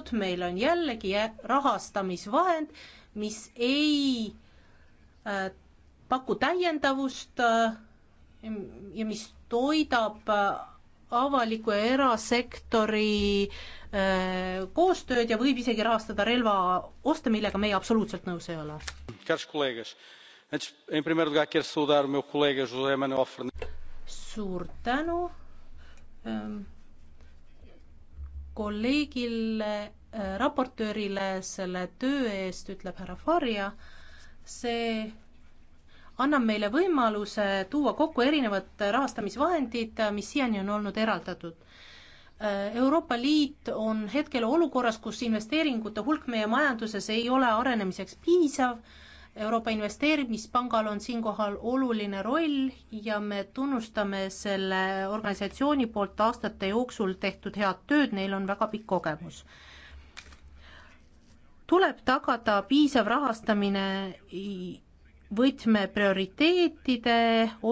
tehtud, meil on jällegi rahastamisvahend, mis ei äh, paku täiendavust äh, ja mis toidab äh, avaliku ja erasektori äh, koostööd ja võib isegi rahastada relva oste, millega meie absoluutselt nõus ei ole. suur tänu ähm kolleegile, äh, raportöörile selle töö eest, ütleb härra Faria. see annab meile võimaluse tuua kokku erinevad rahastamisvahendid, mis siiani on olnud eraldatud. Äh, Euroopa Liit on hetkel olukorras, kus investeeringute hulk meie majanduses ei ole arenemiseks piisav Euroopa Investeerimispangal on siinkohal oluline roll ja me tunnustame selle organisatsiooni poolt aastate jooksul tehtud head tööd, neil on väga pikk kogemus tuleb tagada piisav rahastamine võtmeprioriteetide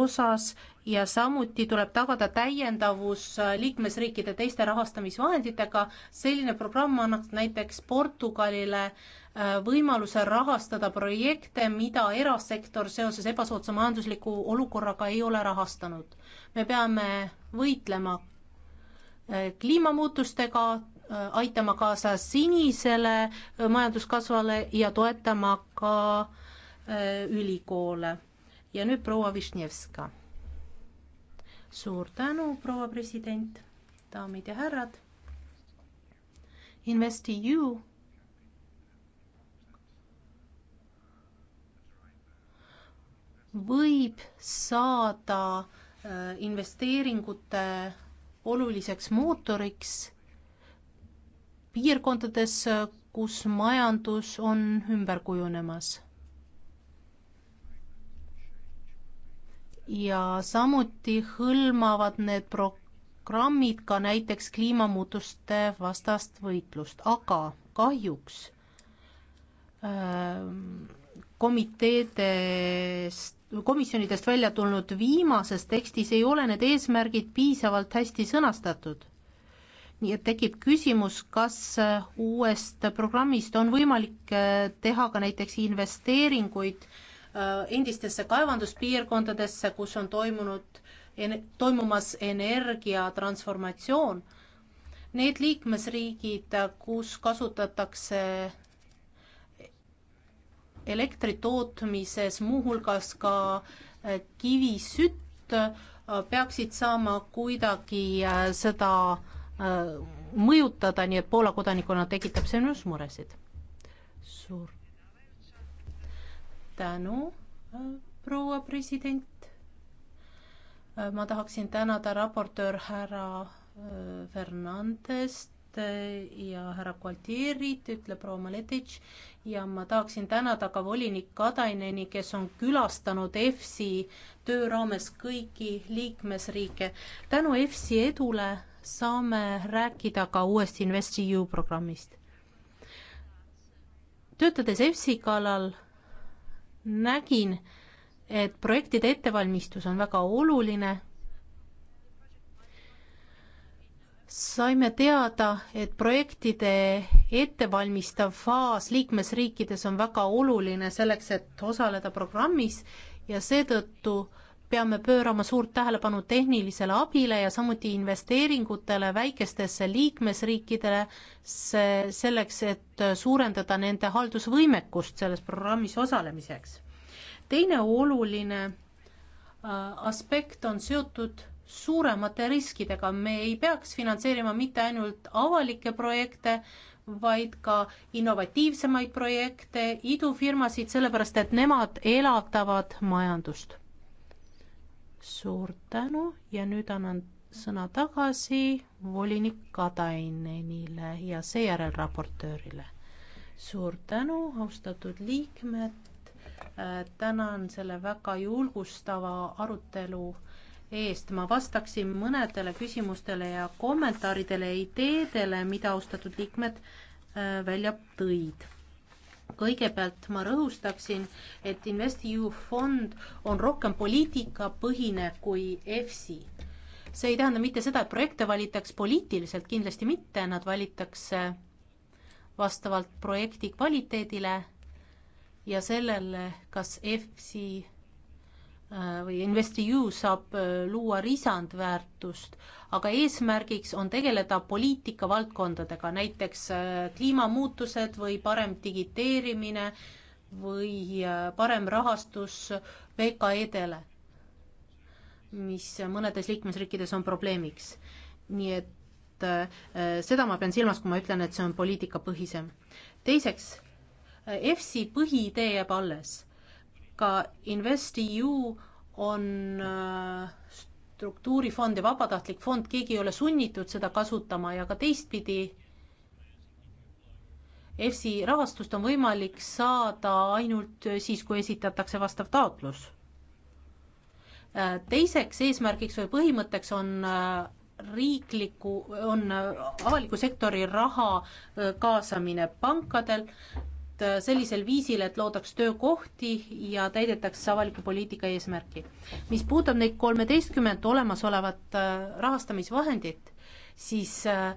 osas ja samuti tuleb tagada täiendavus liikmesriikide teiste rahastamisvahenditega. selline programm annaks näiteks Portugalile äh, Äh, võimaluse rahastada projekte, mida erasektor seoses ebasoodsa majandusliku olukorraga ei ole rahastanud. me peame võitlema äh, kliimamuutustega, äh, aitama kaasa sinisele majanduskasvale ja toetama ka ülikoole. ja nüüd proua Višnjevska. suur tänu, proua president, daamid ja härrad. InvestEU võib saada äh, investeeringute oluliseks mootoriks piirkondades, kus majandus on ümber kujunemas. ja samuti hõlmavad need programmid ka näiteks kliimamuutuste vastast võitlust, aga kahjuks ähm, komiteedest komisjonidest välja tulnud viimases tekstis ei ole need eesmärgid piisavalt hästi sõnastatud. nii et tekib küsimus, kas äh, uuest programmist on võimalik äh, teha ka näiteks investeeringuid äh, endistesse kaevanduspiirkondadesse, kus on toimunud, toimumas energia transformatsioon. Need liikmesriigid, kus kasutatakse elektri tootmises, muuhulgas ka äh, kivisütt, äh, peaksid saama kuidagi äh, seda mõjutada, nii et Poola kodanikuna tekitab see minus muresid. suur tänu, proua president. ma tahaksin tänada raportöör härra Fernandest ja härra Gualtierit, ütleb proua Maletitš ja ma tahaksin tänada ka volinik Kataineni, kes on külastanud EFSI töö raames kõiki liikmesriike. tänu EFSI edule saame rääkida ka uuest InvestEU programmist. töötades EFSI kallal nägin, et projektide ettevalmistus on väga oluline saime teada, et projektide ettevalmistav faas liikmesriikides on väga oluline selleks, et osaleda programmis ja seetõttu peame pöörama suurt tähelepanu tehnilisele abile ja samuti investeeringutele väikestesse liikmesriikidele, selleks, et suurendada nende haldusvõimekust selles programmis osalemiseks. teine oluline äh, aspekt on seotud suuremate riskidega, me ei peaks finantseerima mitte ainult avalikke projekte, vaid ka innovatiivsemaid projekte, idufirmasid, sellepärast et nemad elavdavad majandust. suur tänu ja nüüd annan sõna tagasi volinik Katainenile ja seejärel raportöörile. suur tänu, austatud liikmed, tänan selle väga julgustava arutelu eest. ma vastaksin mõnedele küsimustele ja kommentaaridele ja ideedele, mida austatud liikmed äh, välja tõid. kõigepealt ma rõhustaksin, et InvestEU fond on rohkem poliitikapõhine kui EFSI. see ei tähenda mitte seda, et projekte valitaks poliitiliselt, kindlasti mitte, nad valitakse vastavalt projekti kvaliteedile ja sellele, kas EFSI Äh, või InvestEU saab äh, luua lisandväärtust, aga eesmärgiks on tegeleda poliitikavaldkondadega, näiteks äh, kliimamuutused või parem digiteerimine või parem rahastus VKE-dele, mis mõnedes liikmesriikides on probleemiks. nii et äh, seda ma pean silmas, kui ma ütlen, et see on poliitikapõhisem. teiseks, EFSi põhiidee jääb alles ka InvestEU on äh, struktuurifond ja vabatahtlik fond, keegi ei ole sunnitud seda kasutama ja ka teistpidi, EFSI rahastust on võimalik saada ainult siis, kui esitatakse vastav taotlus. Äh, teiseks eesmärgiks või põhimõtteks on äh, riikliku, on avaliku sektori raha kaasamine pankadel Äh, sellisel viisil, et loodaks töökohti ja täidetaks avaliku poliitika eesmärki. mis puudutab neid kolmeteistkümmet olemasolevat äh, rahastamisvahendit, siis äh,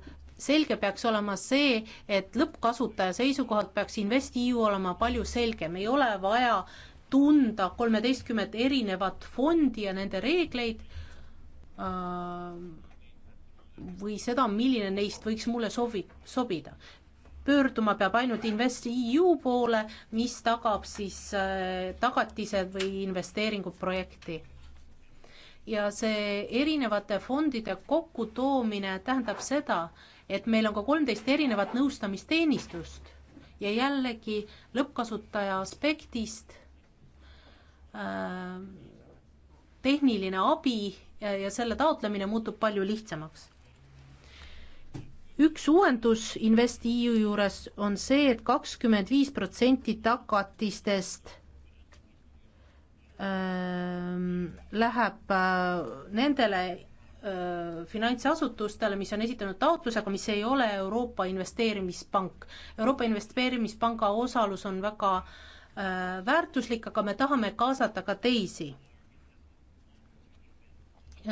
selge peaks olema see, et lõppkasutaja seisukohalt peaks InvestEU olema palju selgem, ei ole vaja tunda kolmeteistkümmet erinevat fondi ja nende reegleid või seda, milline neist võiks mulle sobi-, sobida pöörduma peab ainult InvestEU poole, mis tagab siis äh, tagatised või investeeringud projekti. ja see erinevate fondide kokkutoomine tähendab seda, et meil on ka kolmteist erinevat nõustamisteenistust ja jällegi lõppkasutaja aspektist äh, tehniline abi ja, ja selle taotlemine muutub palju lihtsamaks üks uuendus InvestEU juures on see et, et kakskümmend viis protsenti tagatistest ähm, läheb äh, nendele äh, finantsasutustele, mis on esitanud taotluse, aga mis ei ole Euroopa Investeerimispank. Euroopa Investeerimispanga osalus on väga äh, väärtuslik, aga me tahame kaasata ka teisi.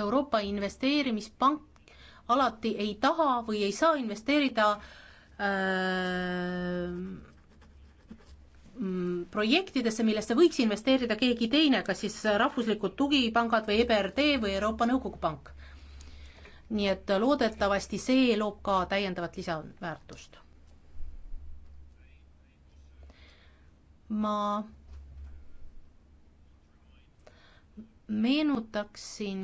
Euroopa Investeerimispank alati ei taha või ei saa investeerida äh, mm, projektidesse, millesse võiks investeerida keegi teine, kas siis rahvuslikud tugipangad või EBRD või Euroopa Nõukogu Pank. nii et loodetavasti see loob ka täiendavat lisaväärtust. ma meenutaksin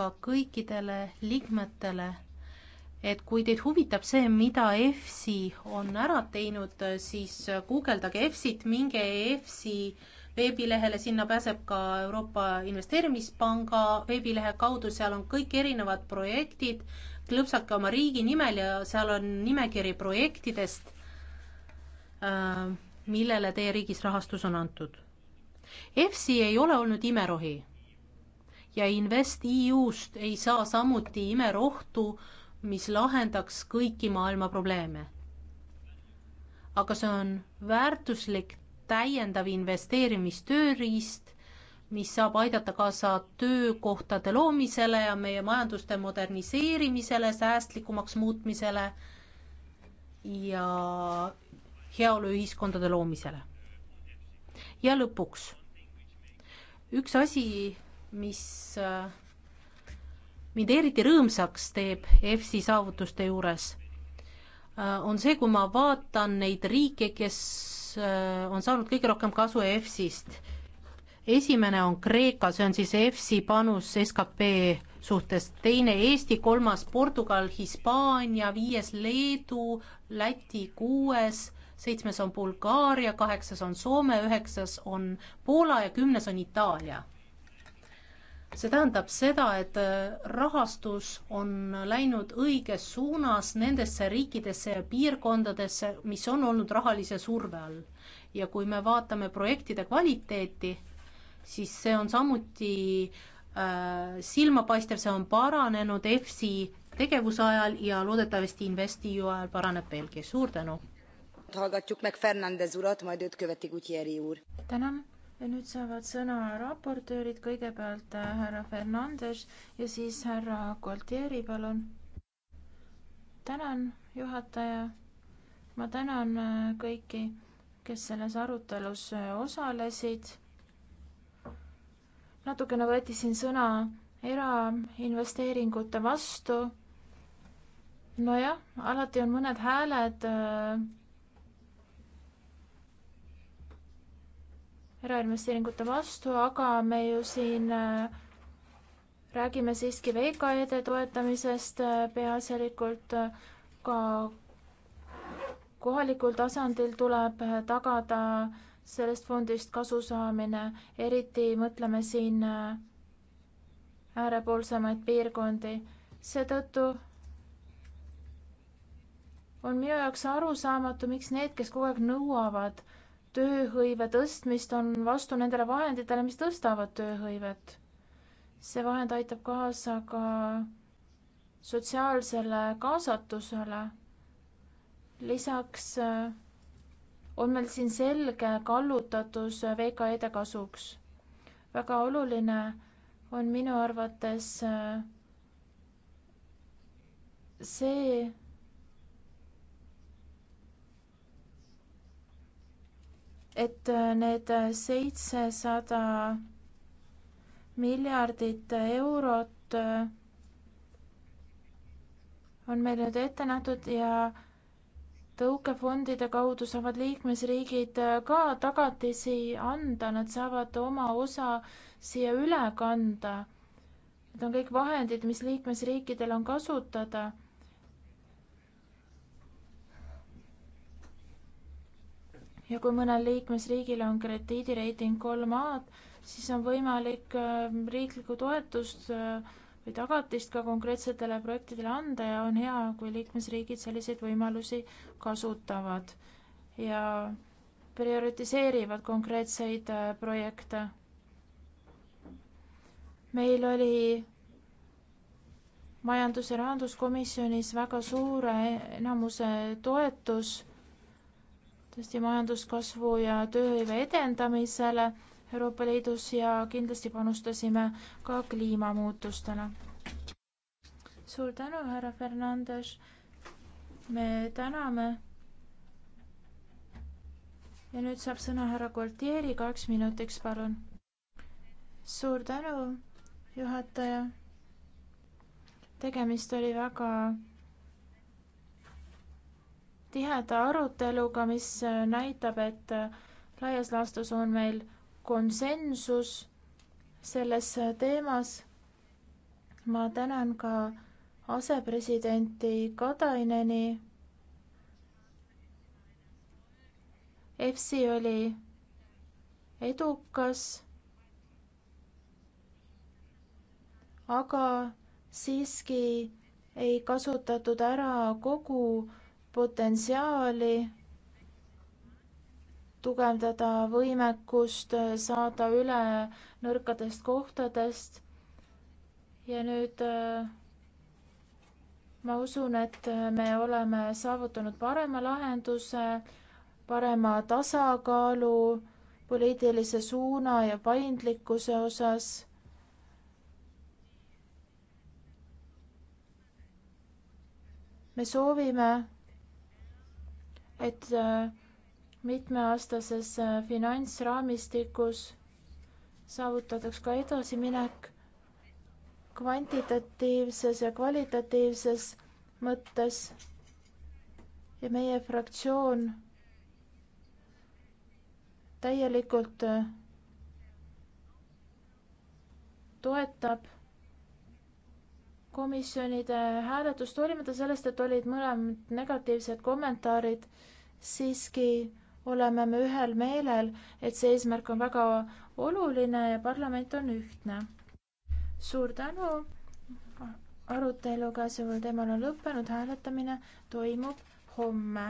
ka kõikidele liikmetele, et kui teid huvitab see, mida EFSI on ära teinud, siis guugeldage EFSI-t, minge EFSI veebilehele, sinna pääseb ka Euroopa Investeerimispanga veebilehe kaudu, seal on kõik erinevad projektid, klõpsake oma riigi nimel ja seal on nimekiri projektidest, äh, millele teie riigis rahastus on antud. EFSI ei ole olnud imerohi ja InvestEU-st ei saa samuti imerohtu, mis lahendaks kõiki maailma probleeme. aga see on väärtuslik täiendav investeerimistööriist, mis saab aidata kaasa töökohtade loomisele ja meie majanduste moderniseerimisele, säästlikumaks muutmisele ja heaoluühiskondade loomisele. ja lõpuks, üks asi, mis äh, mind eriti rõõmsaks teeb EFSI saavutuste juures, äh, on see, kui ma vaatan neid riike, kes äh, on saanud kõige rohkem kasu EFSI-st. esimene on Kreeka, see on siis EFSI panus skp suhtes, teine Eesti, kolmas Portugal, Hispaania, viies Leedu, Läti kuues, seitsmes on Bulgaaria, kaheksas on Soome, üheksas on Poola ja kümnes on Itaalia see tähendab seda, et äh, rahastus on läinud õiges suunas nendesse riikidesse ja piirkondadesse, mis on olnud rahalise surve all. ja kui me vaatame projektide kvaliteeti, siis see on samuti äh, silmapaistev, see on paranenud EFSI tegevuse ajal ja loodetavasti Investiiu ajal paraneb veelgi. suur tänu! tänan ja nüüd saavad sõna raportöörid, kõigepealt äh, härra Fernandes ja siis härra Gualtieri, palun. tänan, juhataja. ma tänan äh, kõiki, kes selles arutelus äh, osalesid. natukene võeti siin sõna erainvesteeringute vastu. nojah, alati on mõned hääled äh, erainvesteeringute vastu, aga me ju siin äh, räägime siiski VKE-de toetamisest äh, peaasjalikult äh, ka kohalikul tasandil tuleb tagada sellest fondist kasu saamine, eriti mõtleme siin äärepoolsemaid piirkondi. seetõttu on minu jaoks arusaamatu, miks need, kes kogu aeg nõuavad tööhõive tõstmist, on vastu nendele vahenditele, mis tõstavad tööhõivet. see vahend aitab kaasa ka sotsiaalsele kaasatusele. lisaks äh, on meil siin selge kallutatus äh, VKE-de kasuks. väga oluline on minu arvates äh, see, et äh, need äh, seitsesada miljardit eurot äh, on meil nüüd ette nähtud ja tõukefondide kaudu saavad liikmesriigid ka tagatisi anda, nad saavad oma osa siia üle kanda. Need on kõik vahendid, mis liikmesriikidel on kasutada ja kui mõnel liikmesriigil on krediidireiting kolm A-d, siis on võimalik äh, riiklikku toetust äh, või tagatist ka konkreetsetele projektidele anda ja on hea, kui liikmesriigid selliseid võimalusi kasutavad ja prioritiseerivad konkreetseid äh, projekte. meil oli majandus- ja rahanduskomisjonis väga suure enamuse toetus tõesti majanduskasvu ja tööhõive edendamisele Euroopa Liidus ja kindlasti panustasime ka kliimamuutustele. suur tänu, härra Fernandes. me täname. ja nüüd saab sõna härra Gualtieri, kaks minutiks, palun. suur tänu, juhataja. tegemist oli väga tiheda aruteluga, mis näitab, et laias laastus on meil konsensus selles teemas. ma tänan ka asepresidenti Kataineni. EFSI oli edukas, aga siiski ei kasutatud ära kogu potentsiaali tugevdada võimekust saada üle nõrkadest kohtadest. ja nüüd äh, ma usun, et me oleme saavutanud parema lahenduse, parema tasakaalu poliitilise suuna ja paindlikkuse osas me soovime et äh, mitmeaastases äh, finantsraamistikus saavutataks ka edasiminek kvantitatiivses ja kvalitatiivses mõttes ja meie fraktsioon täielikult äh, toetab komisjonide hääletust, hoolimata sellest, et olid mõlemad negatiivsed kommentaarid, siiski oleme me ühel meelel, et see eesmärk on väga oluline ja parlament on ühtne. suur tänu. arutelu käesoleval teemal on lõppenud, hääletamine toimub homme.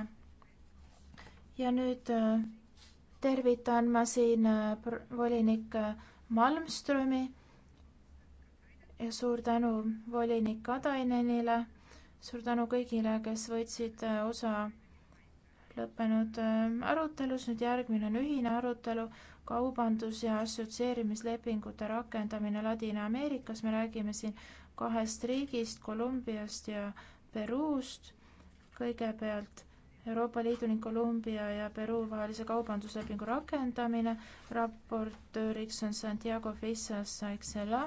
ja nüüd äh, tervitan ma siin äh, volinik äh, Malmströmi ja suur tänu volinik Katainenile, suur tänu kõigile, kes võtsid äh, osa lõppenud äh, arutelus, nüüd järgmine on ühine arutelu kaubandus- ja assotsieerimislepingute rakendamine Ladina-Ameerikas, me räägime siin kahest riigist, Kolumbiast ja Peruust. kõigepealt Euroopa Liidu ning Kolumbia ja Peruu vahelise kaubanduslepingu rakendamine, raportööriks on Santiago Fissas Aixela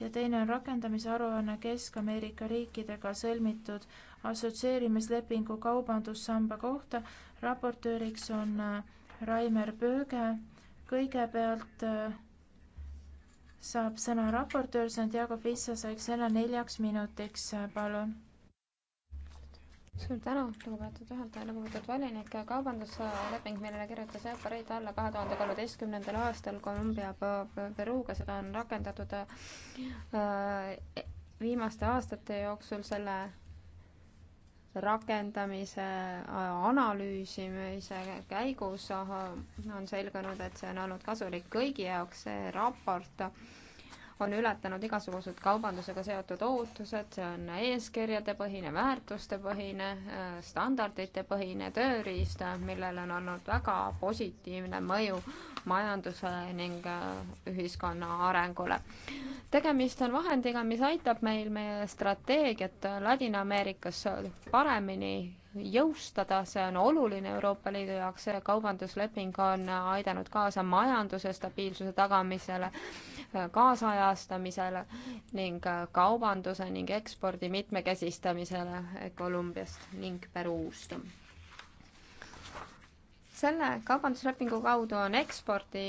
ja teine on rakendamise aruanne kesk-ameerika riikidega sõlmitud assotsieerimislepingu kaubandussamba kohta raportööriks on äh, Raimer Böge kõigepealt äh, saab sõna raportöör Santiago Fissas, eks ole, neljaks minutiks, äh, palun suur tänu, lugupeetud juhataja, lugupeetud volinik, kaubandusleping, millele kirjutas Euroopa Liit alla kahe tuhande kolmeteistkümnendal aastal Kolumbia Peruga, seda on rakendatud äh, viimaste aastate jooksul selle rakendamise äh, analüüsimise käigus äh, on selgunud, et see on olnud kasulik kõigi jaoks, see raport on ületanud igasugused kaubandusega seotud ootused, see on eeskirjade põhine, väärtuste põhine, äh, standardite põhine tööriist, millel on olnud väga positiivne mõju majandusele ning äh, ühiskonna arengule. tegemist on vahendiga, mis aitab meil meie strateegiat Ladina-Ameerikas paremini jõustada, see on oluline Euroopa Liidu jaoks, see kaubandusleping on aidanud kaasa majanduse stabiilsuse tagamisele, kaasajastamisele ning kaubanduse ning ekspordi mitmekesistamisele Kolumbiast ning Peruust. selle kaubanduslepingu kaudu on ekspordi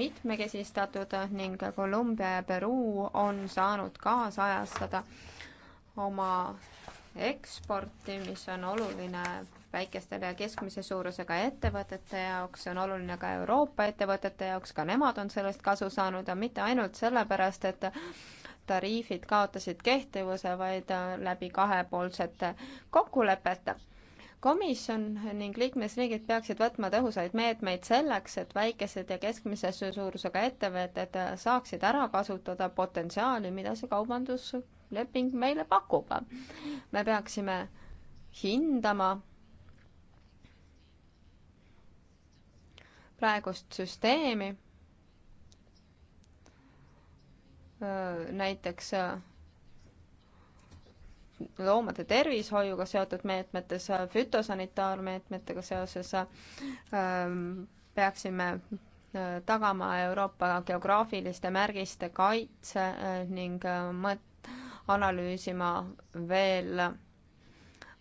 mitmekesistatud ning Kolumbia ja Peruu on saanud kaasajastada oma eksporti, mis on oluline väikestele ja keskmise suurusega ettevõtete jaoks, on oluline ka Euroopa ettevõtete jaoks, ka nemad on sellest kasu saanud ja mitte ainult sellepärast, et tariifid kaotasid kehtivuse, vaid äh, läbi kahepoolsete kokkulepete komisjon ning liikmesriigid peaksid võtma tõhusaid meetmeid selleks, et väikesed ja keskmise suurusega ettevõtted äh, saaksid ära kasutada potentsiaali, mida see kaubandus leping meile pakub. me peaksime hindama praegust süsteemi. näiteks loomade tervishoiuga seotud meetmetes, fütosanitaarmeetmetega seoses ähm, peaksime äh, tagama Euroopa geograafiliste märgiste kaitse äh, ning äh, mõt-, analüüsima veel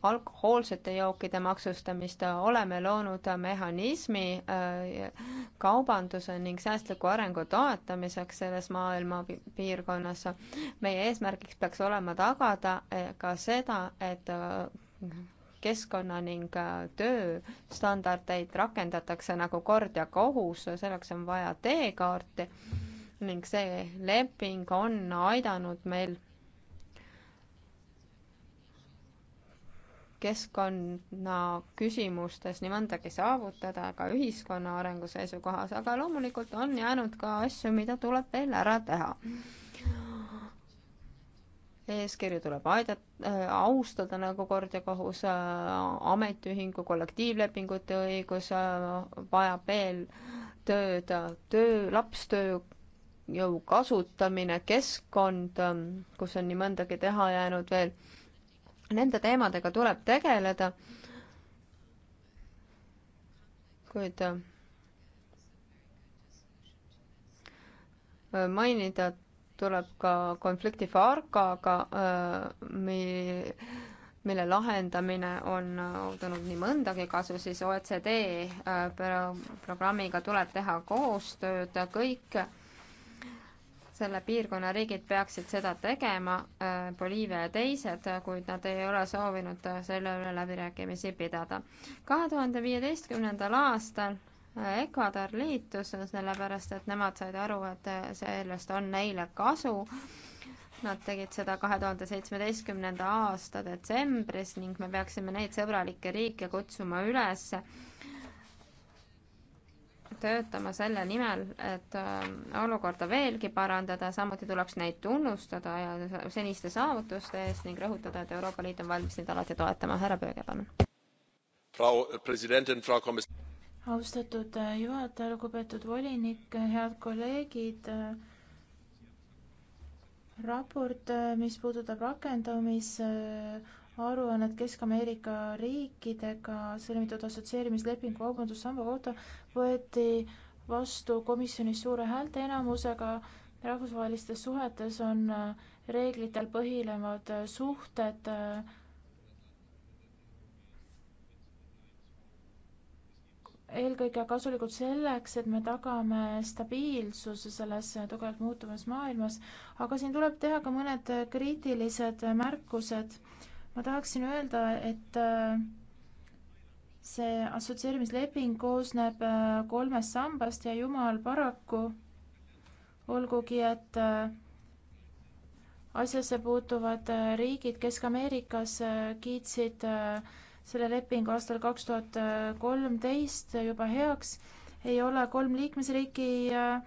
alkohoolsete jookide maksustamist, oleme loonud mehhanismi äh, kaubanduse ning säästliku arengu toetamiseks selles maailma piirkonnas. meie eesmärgiks peaks olema tagada äh, ka seda, et äh, keskkonna ning tööstandardeid rakendatakse nagu kord ja kohus, selleks on vaja teekaarti ning see leping on aidanud meil keskkonna küsimustes nii mõndagi saavutada ka ühiskonna arengu seisukohas, aga loomulikult on jäänud ka asju, mida tuleb veel ära teha. eeskirju tuleb aidata äh,, austada nagu kord ja kohus äh,, ametiühingu kollektiivlepingute õigus äh, vajab veel tööd, töö, lapstöö jõu kasutamine, keskkond, äh, kus on nii mõndagi teha jäänud veel Nende teemadega tuleb tegeleda, kuid äh, mainida tuleb ka konflikti Farkaga, äh, mille lahendamine on toonud äh, nii mõndagi kasu, siis OECD programmiga tuleb teha koostööd, kõik selle piirkonna riigid peaksid seda tegema, äh, Boliivia ja teised, kuid nad ei ole soovinud äh, selle üle läbirääkimisi pidada. kahe tuhande viieteistkümnendal aastal äh, Ecuador liitus, sellepärast et nemad said aru, et sellest on neile kasu. Nad tegid seda kahe tuhande seitsmeteistkümnenda aasta detsembris ning me peaksime neid sõbralikke riike kutsuma üles töötama selle nimel, et äh, olukorda veelgi parandada, samuti tuleks neid tunnustada ja seniste saavutuste eest ning rõhutada, et Euroopa Liit on valmis neid alati toetama. härra Pööge, palun. Äh, austatud äh, juhataja, lugupeetud volinik, head kolleegid raport, mis puudutab rakendamis aruannet Kesk-Ameerika riikidega sõlmitud assotsieerimislepingu kaubandussamba kohta võeti vastu komisjonis suure häälteenamusega. rahvusvahelistes suhetes on äh, reeglitel põhinevad äh, suhted äh, eelkõige kasulikud selleks, et me tagame stabiilsuse selles tugevalt muutuvas maailmas, aga siin tuleb teha ka mõned kriitilised märkused ma tahaksin öelda, et äh, see assotsieerimisleping koosneb äh, kolmest sambast ja jumal paraku, olgugi et äh, asjasse puutuvad riigid Kesk-Ameerikas kiitsid selle lepingu aastal kaks tuhat kolmteist juba heaks, ei ole kolm liikmesriiki äh,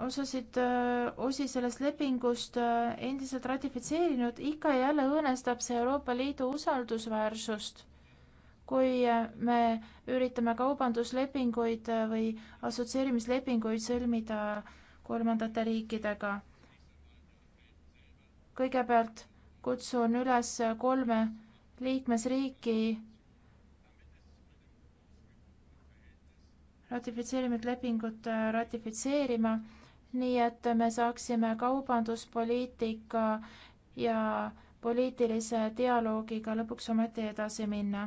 osasid äh, osi sellest lepingust äh, endiselt ratifitseerinud, ikka ja jälle õõnestab see Euroopa Liidu usaldusväärsust. kui äh, me üritame kaubanduslepinguid või assotsieerimislepinguid sõlmida kolmandate riikidega. kõigepealt kutsun üles kolme liikmesriiki ratifitseerinud lepingut ratifitseerima nii et me saaksime kaubanduspoliitika ja poliitilise dialoogiga lõpuks ometi edasi minna.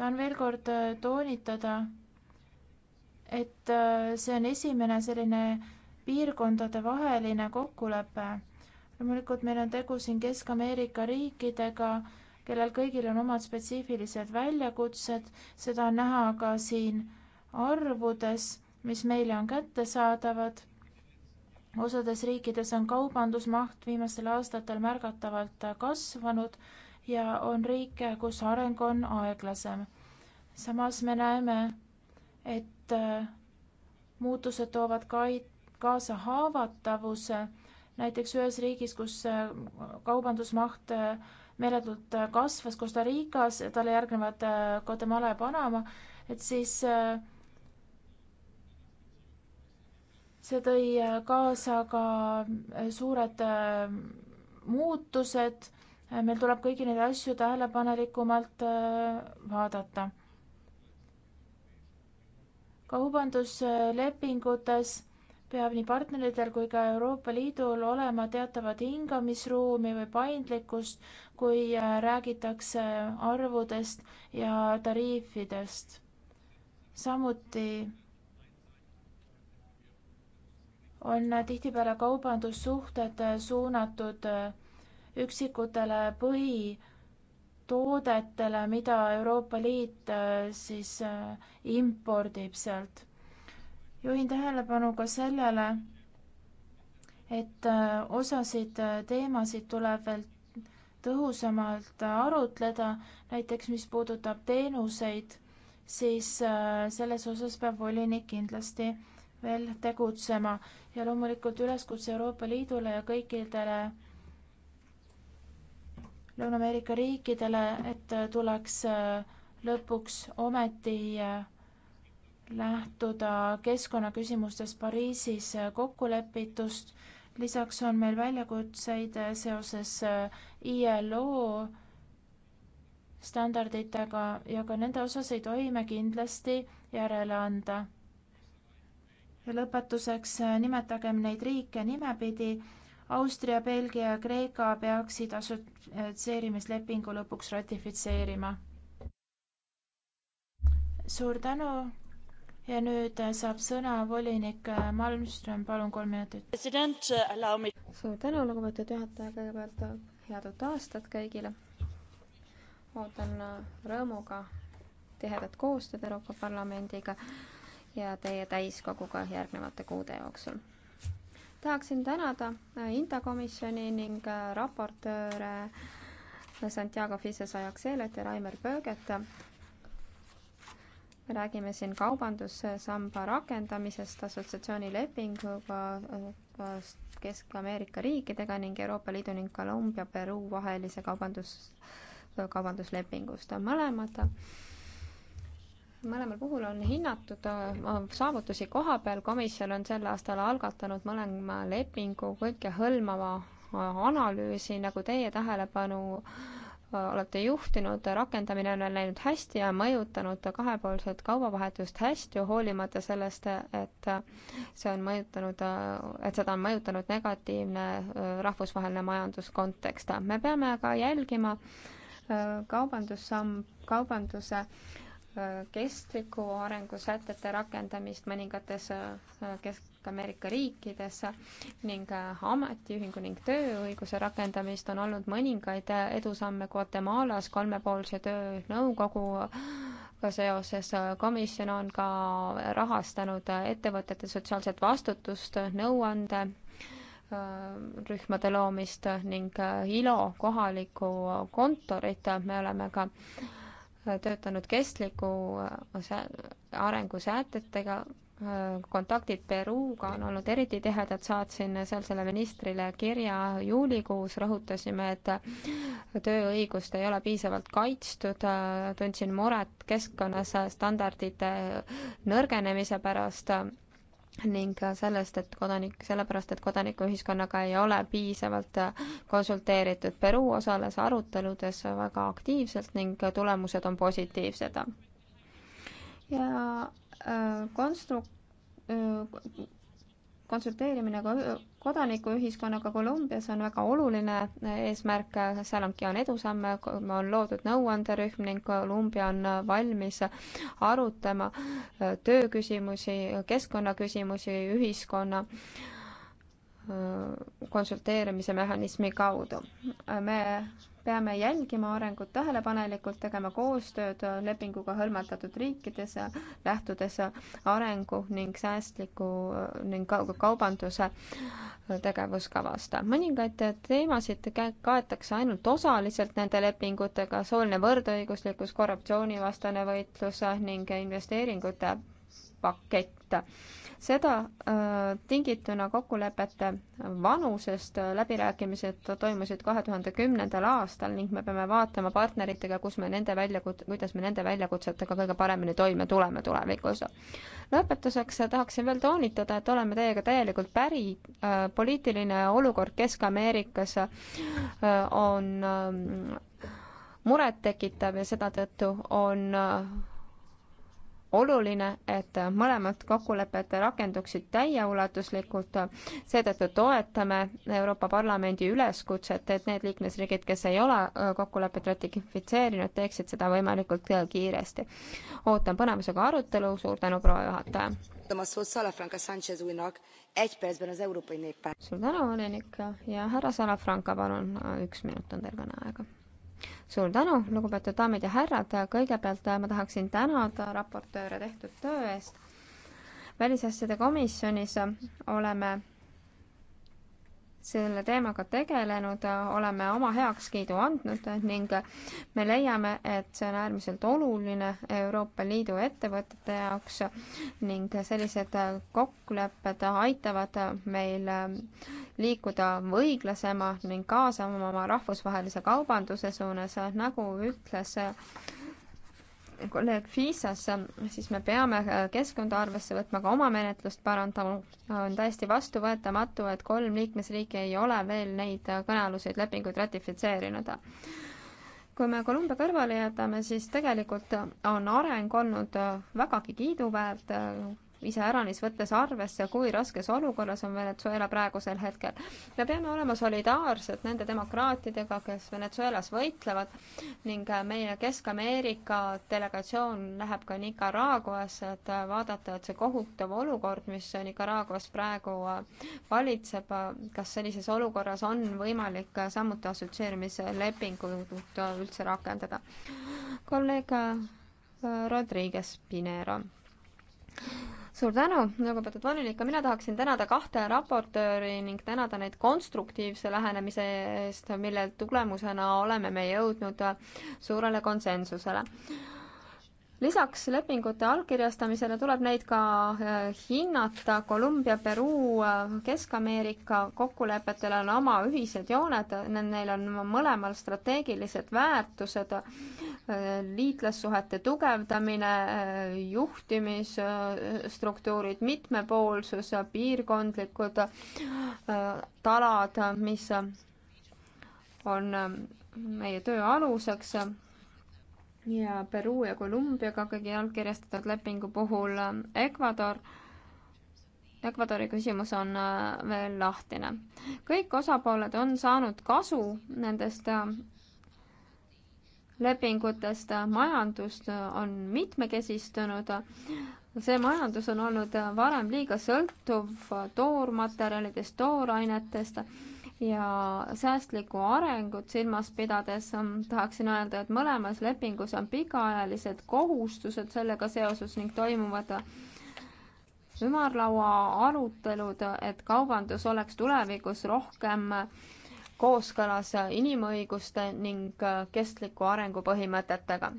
tahan veel kord äh, toonitada, et äh, see on esimene selline piirkondadevaheline kokkulepe. loomulikult meil on tegu siin Kesk-Ameerika riikidega, kellel kõigil on omad spetsiifilised väljakutsed, seda on näha ka siin arvudes, mis meile on kättesaadavad osades riikides on kaubandusmaht viimastel aastatel märgatavalt kasvanud ja on riike kus areng on aeglasem samas me näeme et äh, muutused toovad kaasa haavatavuse näiteks ühes riigis kus äh, kaubandusmaht äh, meeletult kasvas costa ricas ja talle järgnevad guatemala ja panama et siis see tõi äh, kaasa ka äh, suured äh, muutused, meil tuleb kõigi neid asju tähelepanelikumalt vaadata. kaubanduslepingutes peab nii partneritel kui ka Euroopa Liidul olema teatavat hingamisruumi või paindlikkust, kui räägitakse arvudest ja tariifidest. samuti on tihtipeale kaubandussuhted suunatud üksikutele põhitoodetele, mida Euroopa Liit äh, siis äh, impordib sealt. juhin tähelepanu ka sellele, et äh, osasid teemasid tuleb veel tõhusamalt arutleda, näiteks mis puudutab teenuseid, siis selles osas peab volinik kindlasti veel tegutsema ja loomulikult üleskutse Euroopa Liidule ja kõikidele Lõuna-Ameerika riikidele, et tuleks äh, lõpuks ometi äh, lähtuda keskkonnaküsimustes Pariisis äh, kokkulepitust. lisaks on meil väljakutseid seoses ILO standarditega ja ka nende osas ei tohi me kindlasti järele anda ja lõpetuseks äh, nimetagem neid riike nimepidi. Austria, Belgia ja Kreeka peaksid assotsieerimislepingu lõpuks ratifitseerima. suur tänu ja nüüd äh, saab sõna volinik äh, Malmström, palun kolm minutit. suur tänu, lugupeetud juhataja, kõigepealt head uut aastat kõigile. ootan rõõmuga tihedat koostööd Euroopa Parlamendiga ja teie täiskoguga järgnevate kuude jooksul. tahaksin tänada äh, Inta komisjoni ning äh, raportööre äh, Santiago Fisesa Jaxelet ja Raimar Pööget. me räägime siin kaubandussamba rakendamisest assotsiatsioonilepinguga Kesk-Ameerika riikidega ning Euroopa Liidu ning Kolumbia, Peruu vahelise kaubandus, kaubanduslepingust. mõlemad mõlemal puhul on hinnatud äh, saavutusi koha peal, komisjon on sel aastal algatanud mõlema lepingu kõikehõlmava äh, analüüsi, nagu teie tähelepanu äh, olete juhtinud, rakendamine on läinud hästi ja mõjutanud kahepoolset kaubavahetust hästi, hoolimata sellest, et see on mõjutanud, et seda on mõjutanud negatiivne rahvusvaheline majanduskontekst. me peame aga jälgima kaubandussamm, kaubanduse kestliku arengu sätete rakendamist mõningates äh, Kesk-Ameerika riikides ning äh, ametiühingu ning tööõiguse rakendamist on olnud mõningaid äh, edusamme Guatemalas kolmepoolse töönõukogu ka seoses komisjon on ka rahastanud ettevõtete sotsiaalset vastutust, nõuande rühmade loomist ning ILO kohalikku kontorit, me oleme ka äh, töötanud kestliku äh, arengu säätetega, äh, kontaktid Peruuga on olnud eriti tihedad, saatsin sealsele ministrile kirja juulikuus, rõhutasime, et äh, tööõigust ei ole piisavalt kaitstud, tundsin muret keskkonnastandardite nõrgenemise pärast ning sellest, et kodanik, sellepärast, et kodanikuühiskonnaga ei ole piisavalt äh, konsulteeritud. Peruu osales aruteludes väga aktiivselt ning tulemused on positiivsed. ja äh, konstru- äh,, konsulteerimine kodanikuühiskonnaga Kolumbias on väga oluline eesmärk, seal on, on edusamme, on loodud nõuanderühm ning Kolumbia on valmis arutama tööküsimusi, keskkonnaküsimusi, ühiskonna äh, Äh, konsulteerimise mehhanismi kaudu. me peame jälgima arengut tähelepanelikult, tegema koostööd lepinguga hõlmatatud riikides, lähtudes arengu ning säästliku ning kaubanduse tegevuskavast. mõningaid teemasid kaetakse ainult osaliselt nende lepingutega, sooline võrdõiguslikkus, korruptsioonivastane võitlus ning investeeringute pakett võita. seda äh, tingituna kokkulepete vanusest, äh, läbirääkimised toimusid kahe tuhande kümnendal aastal ning me peame vaatama partneritega, kus me nende väljakut-, kuidas me nende väljakutsetega kõige paremini toime tuleme tulevikus. lõpetuseks tahaksin veel toonitada, et oleme teiega täielikult päri, äh, poliitiline olukord Kesk-Ameerikas on ähm, murettekitav ja seda tõttu on oluline, et mõlemad kokkulepped rakenduksid täieulatuslikult, seetõttu toetame Euroopa Parlamendi üleskutset, et need liikmesriigid, kes ei ole äh, kokkulepet ratifitseerinud, teeksid seda võimalikult äh, kiiresti. ootan põnevusega arutelu, suur tänu, proua juhataja! suur tänu, volinik, ja härra Salafranca, palun, äh, üks minut on teil kõneaega suur tänu, lugupeetud daamid ja härrad, kõigepealt äh, ma tahaksin tänada raportööre tehtud töö eest. välisasjade komisjonis oleme selle teemaga tegelenud, oleme oma heakskiidu andnud ning me leiame, et see on äärmiselt oluline Euroopa Liidu ettevõtete jaoks ning sellised kokkulepped aitavad meil liikuda õiglasema ning kaasavama rahvusvahelise kaubanduse suunas, nagu ütles kolleeg Fiisas, siis me peame äh, keskkonda arvesse võtma, ka oma menetlust parandama. on täiesti vastuvõetamatu, et kolm liikmesriiki ei ole veel neid äh, kõnealuseid lepinguid ratifitseerinud kui me Kolumbia kõrvale jätame, siis tegelikult on areng olnud äh, vägagi kiiduväärt iseäranis võttes arvesse, kui raskes olukorras on Venezuela praegusel hetkel. me peame olema solidaarsed nende demokraatidega, kes Venezuelas võitlevad ning äh, meie Kesk-Ameerika delegatsioon läheb ka Nicaraguasse, et äh, vaadata, et see kohutav olukord, mis Nicaraguas praegu äh, valitseb, kas sellises olukorras on võimalik samuti assotsieerimislepingut üldse rakendada. kolleeg Rodriguez Pinero suur tänu, lugupeetud volinik, ka mina tahaksin tänada kahte raportööri ning tänada neid konstruktiivse lähenemise eest, mille tulemusena oleme me jõudnud suurele konsensusele lisaks lepingute allkirjastamisele tuleb neid ka äh, hinnata. Kolumbia, Peruu, äh, Kesk-Ameerika kokkulepetel on oma ühised jooned, neil on mõlemal strateegilised väärtused, äh, liitlassuhete tugevdamine, juhtimisstruktuurid, mitmepoolsus, piirkondlikud talad, mis on meie töö aluseks ja Peruu ja Kolumbiaga kõigi allkirjastatud lepingu puhul ähm, Ecuador Ecuadori küsimus on äh, veel lahtine. kõik osapooled on saanud kasu nendest ähm, lepingutest, majandus äh, on mitmekesistunud, see majandus on olnud äh, varem liiga sõltuv toormaterjalidest, toorainetest ja säästlikku arengut silmas pidades ähm, tahaksin öelda, et mõlemas lepingus on pikaajalised kohustused sellega seoses ning toimuvad äh, ümarlaua arutelud, et kaubandus oleks tulevikus rohkem äh, kooskõlas äh, inimõiguste ning kestliku arengu põhimõtetega.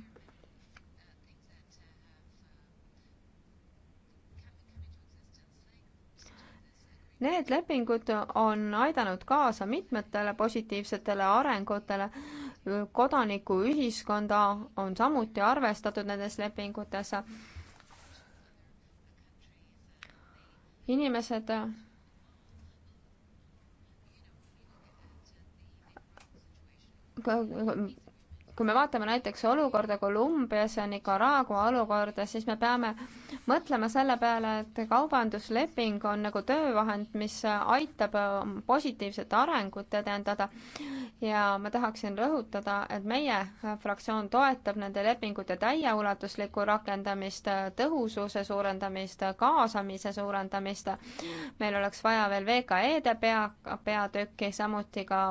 Need lepingud on aidanud kaasa mitmetele positiivsetele arengutele. kodanikuühiskonda on samuti arvestatud nendes lepingutes. inimesed kui me vaatame näiteks olukorda Kolumbias ja Nicaragua olukorda, siis me peame mõtlema selle peale, et kaubandusleping on nagu töövahend, mis aitab um, positiivset arengut edendada. ja ma tahaksin rõhutada, et meie fraktsioon toetab nende lepingute täieulatuslikku rakendamist, tõhususe suurendamist, kaasamise suurendamist. meil oleks vaja veel VKE-de pea, peatükki, samuti ka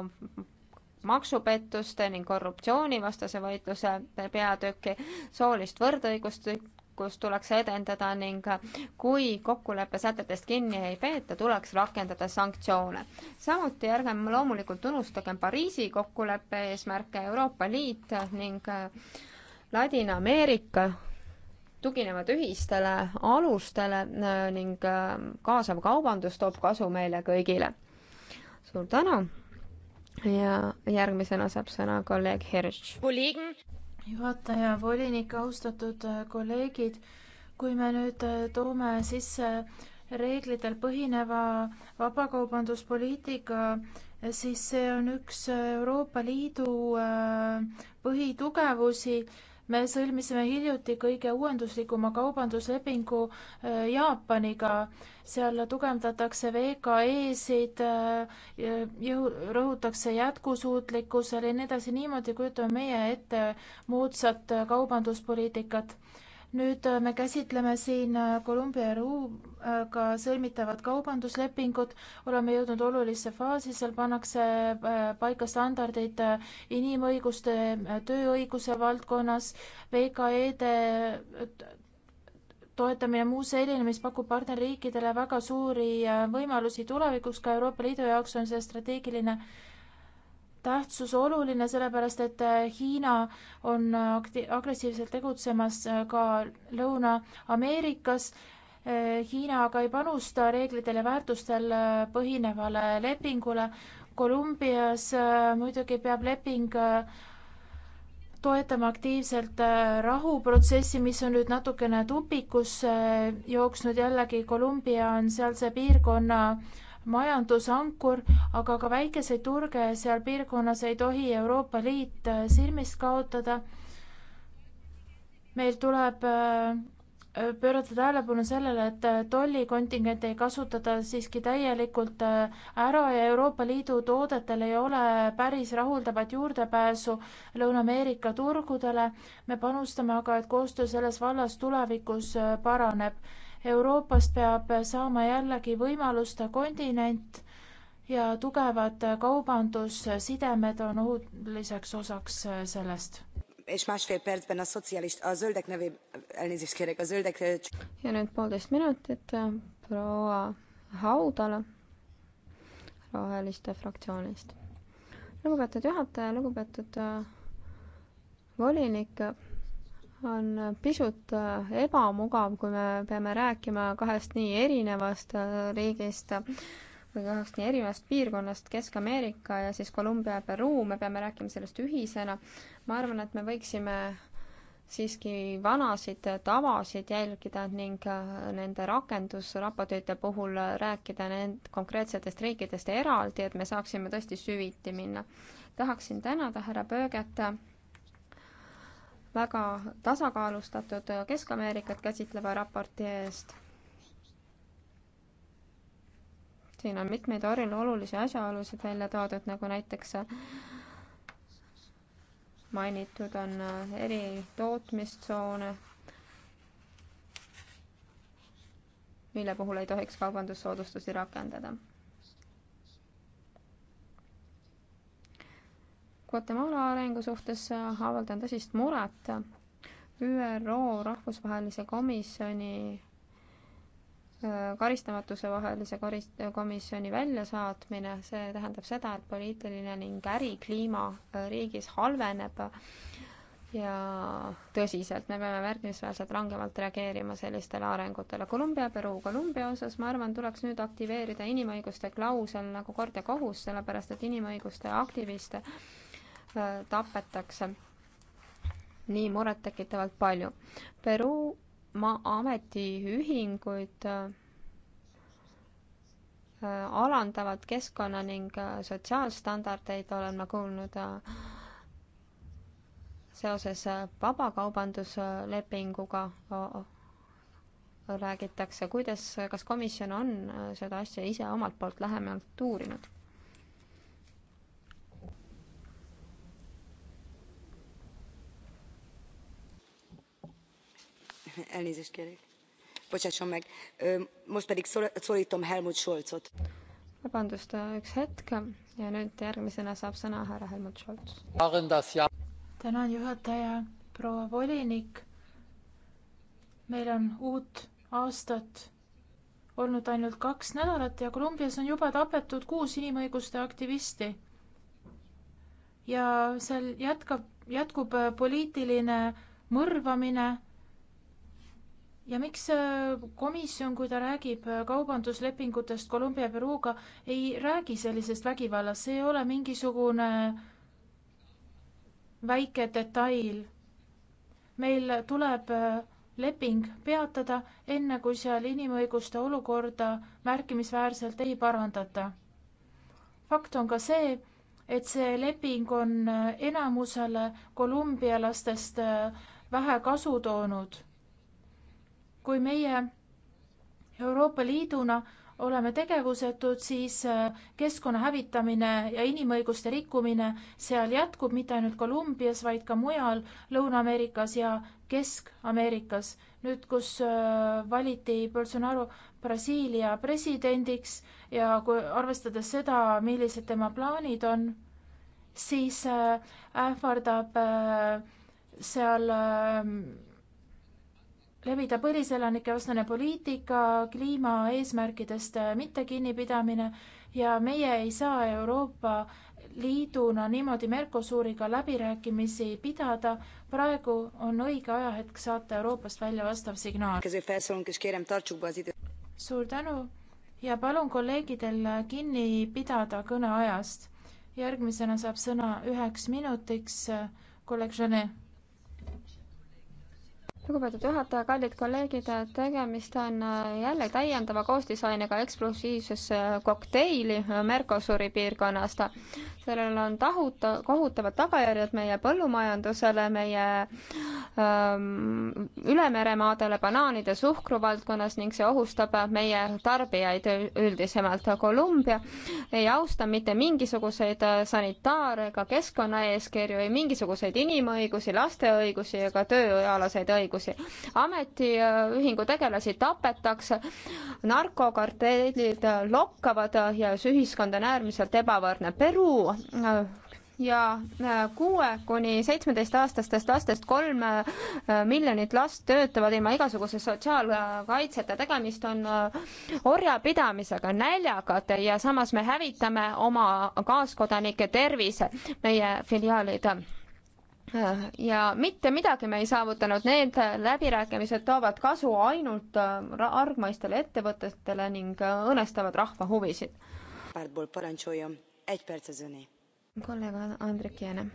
maksupettuste ning korruptsioonivastase võitluse peatükki, soolist võrdõigust kus tuleks edendada ning kui kokkuleppe sätetest kinni ei peeta, tuleks rakendada sanktsioone. samuti ärgem loomulikult unustagem Pariisi kokkuleppe eesmärke, Euroopa Liit ning Ladina-Ameerika tuginevad ühistele alustele ning kaasav kaubandus toob kasu meile kõigile. suur tänu! ja järgmisena saab sõna kolleeg Hirsch. juhataja, volinik, austatud äh, kolleegid, kui me nüüd äh, toome sisse reeglitel põhineva vabakaubanduspoliitika, siis see on üks Euroopa Liidu äh, põhitugevusi me sõlmisime hiljuti kõige uuenduslikuma kaubanduslepingu äh, Jaapaniga. seal tugevdatakse VKE-sid, äh, rõhutakse jätkusuutlikkusele ja nii edasi, niimoodi kujutame meie ette moodsat äh, kaubanduspoliitikat nüüd äh, me käsitleme siin Kolumbia äh, ja Peruga äh, sõlmitavad kaubanduslepingud, oleme jõudnud olulisse faasi, seal pannakse paika standardid inimõiguste, tööõiguse valdkonnas, VKE-de toetamine, muu selline, mis pakub partnerriikidele väga suuri võimalusi tulevikuks, ka Euroopa Liidu jaoks on see strateegiline tähtsus oluline, sellepärast et äh, Hiina on äh, akti-, agressiivselt tegutsemas äh, ka Lõuna-Ameerikas. Hiina aga ei panusta reeglitel ja väärtustel põhinevale lepingule. Kolumbias muidugi peab leping toetama aktiivselt rahuprotsessi, mis on nüüd natukene tupikusse jooksnud, jällegi Kolumbia on sealse piirkonna äh, majandusankur, aga ka väikeseid turge seal piirkonnas ei tohi Euroopa Liit äh, silmist kaotada. meil tuleb äh, pöörata tähelepanu sellele, et äh, tollikontingenti ei kasutata siiski täielikult ära ja Euroopa Liidu toodetel ei ole päris rahuldavat juurdepääsu Lõuna-Ameerika turgudele. me panustame aga, et koostöö selles vallas tulevikus paraneb Euroopast peab saama jällegi võimaluste kontinent ja tugevad kaubandussidemed on oluliseks osaks äh, sellest. ja nüüd poolteist minutit äh, proua Haudala Roheliste fraktsioonist. lugupeetud juhataja, lugupeetud äh, volinik on pisut äh, ebamugav, kui me peame rääkima kahest nii erinevast äh, riigist või kahest nii erinevast piirkonnast, Kesk-Ameerika ja siis Kolumbia ja Peruu, me peame rääkima sellest ühisena. ma arvan, et me võiksime siiski vanasid tavasid jälgida ning äh, nende rakendusraportite puhul rääkida nend-, konkreetsetest riikidest eraldi, et me saaksime tõesti süviti minna. tahaksin tänada härra Pööget väga tasakaalustatud Kesk-Ameerikat käsitleva raporti eest. siin on mitmeid olulisi asjaolusid välja toodud, nagu näiteks mainitud on eri tootmistsoone, mille puhul ei tohiks kaubandussoodustusi rakendada Guatemala arengu suhtes äh, avaldan tõsist muret. ÜRO rahvusvahelise komisjoni äh, karistamatuse vahelise karist-, komisjoni väljasaatmine, see tähendab seda, et poliitiline ning ärikliima äh, riigis halveneb ja tõsiselt, me peame märkimisväärselt rangemalt reageerima sellistele arengutele. Kolumbia, Peruu, Kolumbia osas ma arvan, tuleks nüüd aktiveerida inimõiguste klausel nagu kord ja kohus, sellepärast et inimõiguste aktiviste äh, tapetakse nii murettekitavalt palju. Peru ma-, ametiühinguid äh, alandavad keskkonna ning äh, sotsiaalstandardeid, olen ma kuulnud äh, seoses vabakaubanduslepinguga räägitakse, kuidas, kas komisjon on seda asja ise omalt poolt lähemalt uurinud? elnézést kérek. Bocsásson meg. Most pedig szólítom Helmut Scholzot. Vabandust, üks hetk ja nüüd järgmisena saab sõna härra Helmut Scholz. tänan, juhataja, proua volinik. meil on uut aastat olnud ainult kaks nädalat ja Kolumbias on juba tapetud kuus inimõiguste aktivisti. ja seal jätkab, jätkub poliitiline mõrvamine ja miks äh, komisjon, kui ta räägib äh, kaubanduslepingutest Kolumbia ja Peruga, ei räägi sellisest vägivallast, see ei ole mingisugune väike detail. meil tuleb äh, leping peatada, enne kui seal inimõiguste olukorda märkimisväärselt ei parandata. fakt on ka see, et see leping on enamusele kolumbialastest vähe kasu toonud kui meie Euroopa Liiduna oleme tegevusetud, siis äh, keskkonna hävitamine ja inimõiguste rikkumine seal jätkub mitte ainult Kolumbias, vaid ka mujal Lõuna-Ameerikas ja Kesk-Ameerikas. nüüd, kus äh, valiti Bolsonaro Brasiilia presidendiks ja kui arvestades seda, millised tema plaanid on, siis äh, ähvardab seal ähm, levida põliselanike vastane poliitika, kliimaeesmärkidest äh, mitte kinnipidamine ja meie ei saa Euroopa Liiduna niimoodi Mercosuriga läbirääkimisi pidada. praegu on õige ajahetk saata Euroopast välja vastav signaal. suur tänu ja palun kolleegidel kinni pidada kõneajast. järgmisena saab sõna üheks minutiks äh, kolleeg Janet lugupeetud juhataja, kallid kolleegid, tegemist on äh, jälle täiendava koostisainega eksplosiivsesse äh, kokteili äh, Mercosuri piirkonnast. sellel on tahuta, kohutavad tagajärjed meie põllumajandusele, meie ähm, ülemeremaadele banaanide suhkru valdkonnas ning see ohustab meie tarbijaid üldisemalt. Kolumbia ei austa mitte mingisuguseid sanitaar- ega keskkonnaeeskirju, ei mingisuguseid inimõigusi, laste õigusi ega tööalaseid õigusi õigusi. ametiühingu tegelasi tapetakse, narkokartellid lokkavad ja ühiskond on äärmiselt ebavõrdne. Peru äh, ja äh, kuue kuni seitsmeteistaastastest lastest kolm äh, miljonit last töötavad ilma igasuguse sotsiaalkaitseta, tegemist on orjapidamisega, näljakate ja samas me hävitame oma kaaskodanike tervise, meie filiaalid ja mitte midagi me ei saavutanud, need läbirääkimised toovad kasu ainult äh, argmaistele ettevõtetele ning äh, õõnestavad rahva huvisid. kolleeg Andrek Jääne.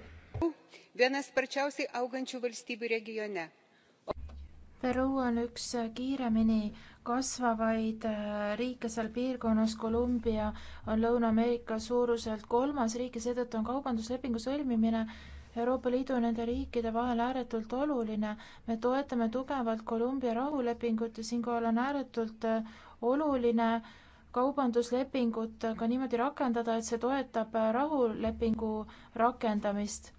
Peru on üks äh, kiiremini kasvavaid riike seal piirkonnas. Kolumbia on Lõuna-Ameerika suuruselt kolmas riik ja seetõttu on kaubanduslepingu sõlmimine Euroopa Liidu ja nende riikide vahel ääretult oluline. me toetame tugevalt Kolumbia rahulepingut ja siinkohal on ääretult äh, oluline kaubanduslepingut ka niimoodi rakendada, et see toetab äh, rahulepingu rakendamist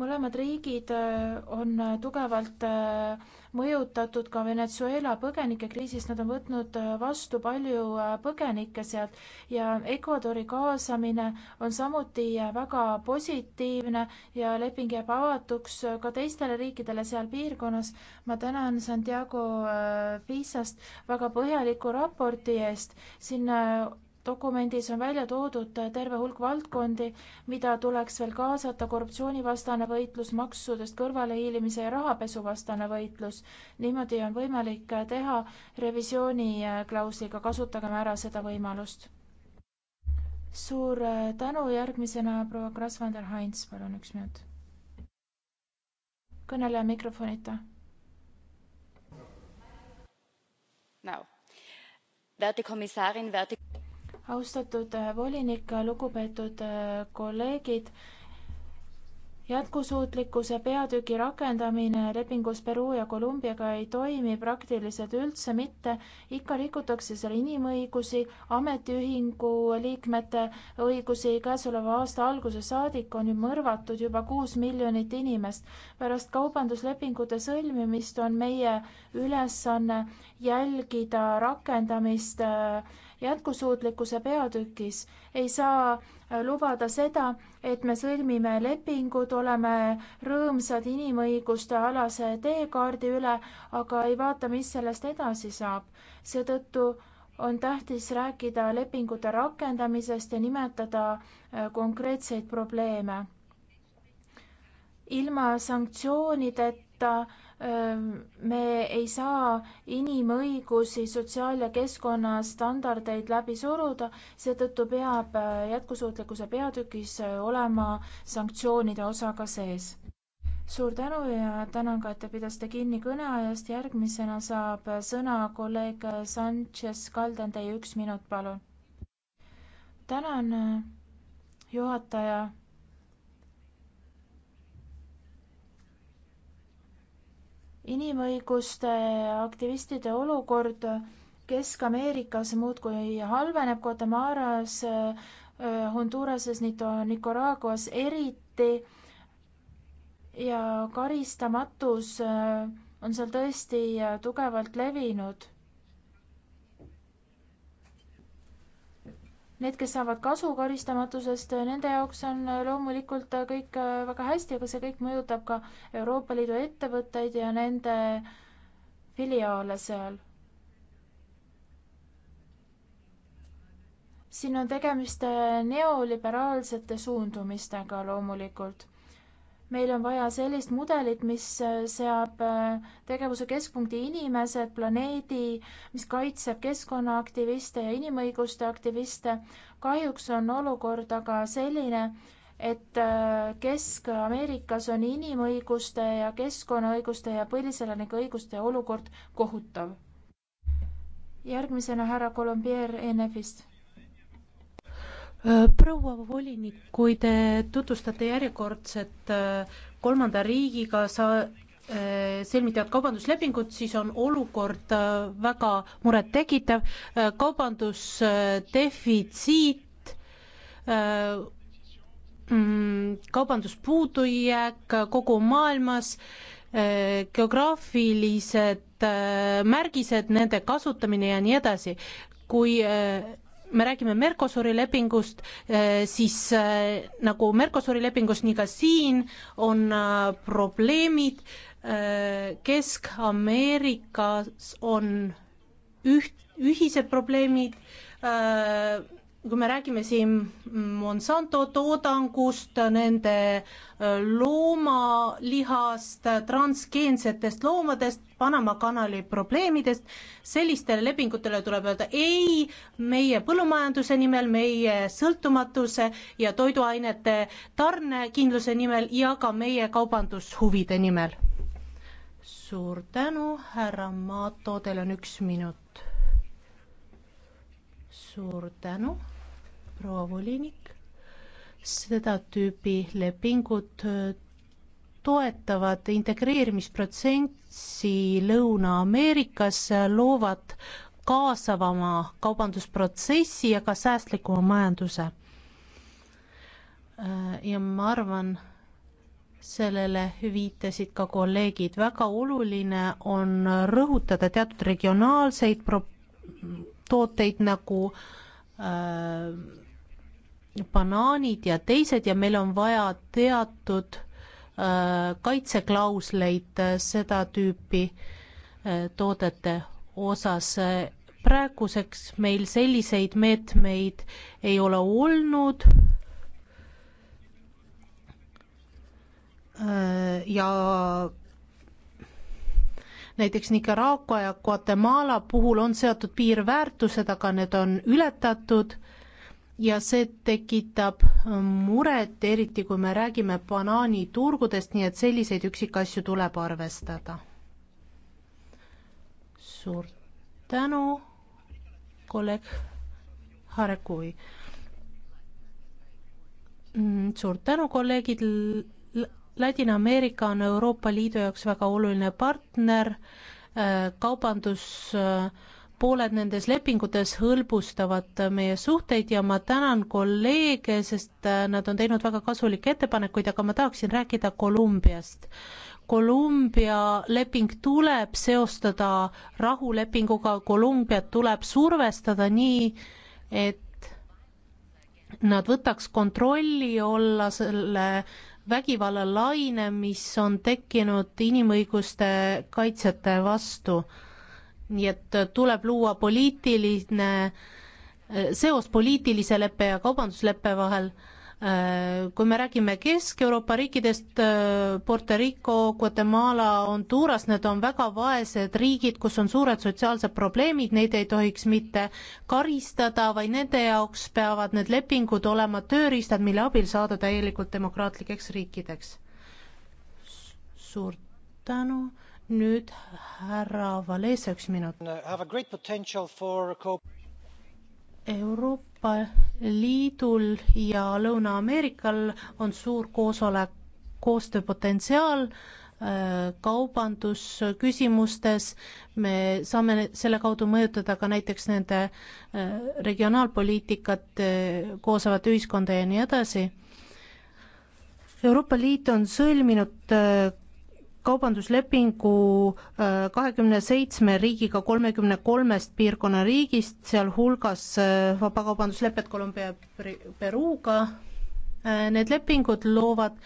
mõlemad riigid äh, on äh, tugevalt äh, mõjutatud ka Venezuela põgenikekriisist, nad on võtnud vastu palju põgenikke sealt ja Ecuadori kaasamine on samuti väga positiivne ja leping jääb avatuks ka teistele riikidele seal piirkonnas. ma tänan Santiago Fisast väga põhjaliku raporti eest, siin dokumendis on välja toodud terve hulk valdkondi, mida tuleks veel kaasata, korruptsioonivastane võitlus, maksudest kõrvalehiilimise ja rahapesuvastane võitlus. niimoodi on võimalik teha revisjooniklausliga, kasutagem ära seda võimalust. suur tänu, järgmisena proua Krasvander Heinz, palun üks minut. kõneleja mikrofonita. Now, werte Kommissarin, werte austatud äh, volinik, äh, lugupeetud äh, kolleegid. jätkusuutlikkuse peatüki rakendamine lepingus Peruu ja Kolumbiaga ei toimi praktiliselt üldse mitte. ikka rikutakse seal inimõigusi, ametiühingu liikmete õigusi. käesoleva aasta alguse saadik on ju mõrvatud juba kuus miljonit inimest. pärast kaubanduslepingute sõlmimist on meie ülesanne jälgida rakendamist äh, jätkusuutlikkuse peatükis ei saa äh, lubada seda, et me sõlmime lepingud, oleme rõõmsad inimõiguste alase teekaardi üle, aga ei vaata, mis sellest edasi saab. seetõttu on tähtis rääkida lepingute rakendamisest ja nimetada äh, konkreetseid probleeme. ilma sanktsioonideta me ei saa inimõigusi, sotsiaal- ja keskkonnastandardeid läbi suruda, seetõttu peab jätkusuutlikkuse peatükis olema sanktsioonide osa ka sees. suur tänu ja tänan ka, et te pidasite kinni kõneajast, järgmisena saab sõna kolleeg Sanchez Calden, teie üks minut, palun. tänan, juhataja inimõiguste aktivistide olukord Kesk-Ameerikas muudkui halveneb, Guatemalas, äh, Honduras'es, Nicaraguas eriti ja karistamatus äh, on seal tõesti äh, tugevalt levinud Need, kes saavad kasu karistamatusest, nende jaoks on loomulikult kõik äh, väga hästi, aga see kõik mõjutab ka Euroopa Liidu ettevõtteid ja nende filiaale seal. siin on tegemist äh, neoliberaalsete suundumistega loomulikult meil on vaja sellist mudelit, mis äh, seab äh, tegevuse keskpunkti inimesed, planeedi, mis kaitseb keskkonnaaktiviste ja inimõiguste aktiviste. kahjuks on olukord aga selline, et äh, Kesk-Ameerikas on inimõiguste ja keskkonnaõiguste ja põliselanike õiguste olukord kohutav. järgmisena härra Colombier ENF-ist proua volinik, kui te tutvustate järjekordset äh, kolmanda riigiga sa-, äh, sõlmitavat kaubanduslepingut, siis on olukord äh, väga murettekitav, kaubandusdefitsiit, mm, kaubanduspuudujääk kogu maailmas, geograafilised märgised, nende kasutamine ja nii edasi. kui me räägime Mercosuri lepingust, eh, siis eh, nagu Mercosuri lepingus, nii ka siin on eh, probleemid, Kesk-Ameerikas on üht, ühised probleemid, kui me räägime siin Monsanto toodangust, nende äh, loomalihast, transgeensetest loomadest, Panama kanali probleemidest, sellistele lepingutele tuleb öelda ei meie põllumajanduse nimel, meie sõltumatuse ja toiduainete tarnekindluse nimel ja ka meie kaubandushuvide nimel. suur tänu, härra Maato, teil on üks minut suur tänu proua volinik, seda tüüpi lepingud äh, toetavad integreerimisprotsessi Lõuna-Ameerikas, loovad kaasavama kaubandusprotsessi ja ka säästlikuma majanduse. Äh, ja ma arvan, sellele viitasid ka kolleegid, väga oluline on rõhutada teatud regionaalseid pro-, tooteid nagu äh, banaanid ja teised ja meil on vaja teatud äh, kaitseklausleid äh, seda tüüpi äh, toodete osas. praeguseks meil selliseid meetmeid ei ole olnud. Äh, ja näiteks Nicaragua ja Guatemala puhul on seatud piirväärtused, aga need on ületatud äh, ja see tekitab äh, muret, eriti kui me räägime banaaniturgudest, nii et selliseid üksikasju tuleb arvestada. suur tänu, kolleeg Harekui. Mm, suur tänu, kolleegid. Ladina-Ameerika on Euroopa Liidu jaoks väga oluline partner, äh, kaubandus äh, pooled nendes lepingutes hõlbustavad meie suhteid ja ma tänan kolleege, sest äh, nad on teinud väga kasulikke ettepanekuid, aga ma tahaksin rääkida Kolumbiast. Kolumbia leping tuleb seostada rahulepinguga, Kolumbiat tuleb survestada nii, et nad võtaks kontrolli olla selle vägivallalaine, mis on tekkinud inimõiguste kaitsjate vastu nii et äh, tuleb luua poliitiline äh, seos poliitilise leppe ja kaubandusleppe vahel. Äh, kui me räägime Kesk-Euroopa riikidest, Puerto Rico, Guatemala, Honduras, need on väga vaesed riigid, kus on suured sotsiaalsed probleemid, neid ei tohiks mitte karistada, vaid nende jaoks peavad need lepingud olema tööriistad, mille abil saada täielikult demokraatlikeks riikideks. suur tänu nüüd härra Valesa üks minut. Uh, Euroopa Liidul ja Lõuna-Ameerikal on suur koosolek, koostööpotentsiaal uh, kaubandusküsimustes, me saame selle kaudu mõjutada ka näiteks nende uh, regionaalpoliitikat, koosolevat ühiskonda ja nii edasi Euroopa Liit on sõlminud kaubanduslepingu äh, kahekümne seitsme riigiga kolmekümne kolmest piirkonna riigist, sealhulgas äh, vabakaubanduslepet Kolumbia ja Peruga. Äh, need lepingud loovad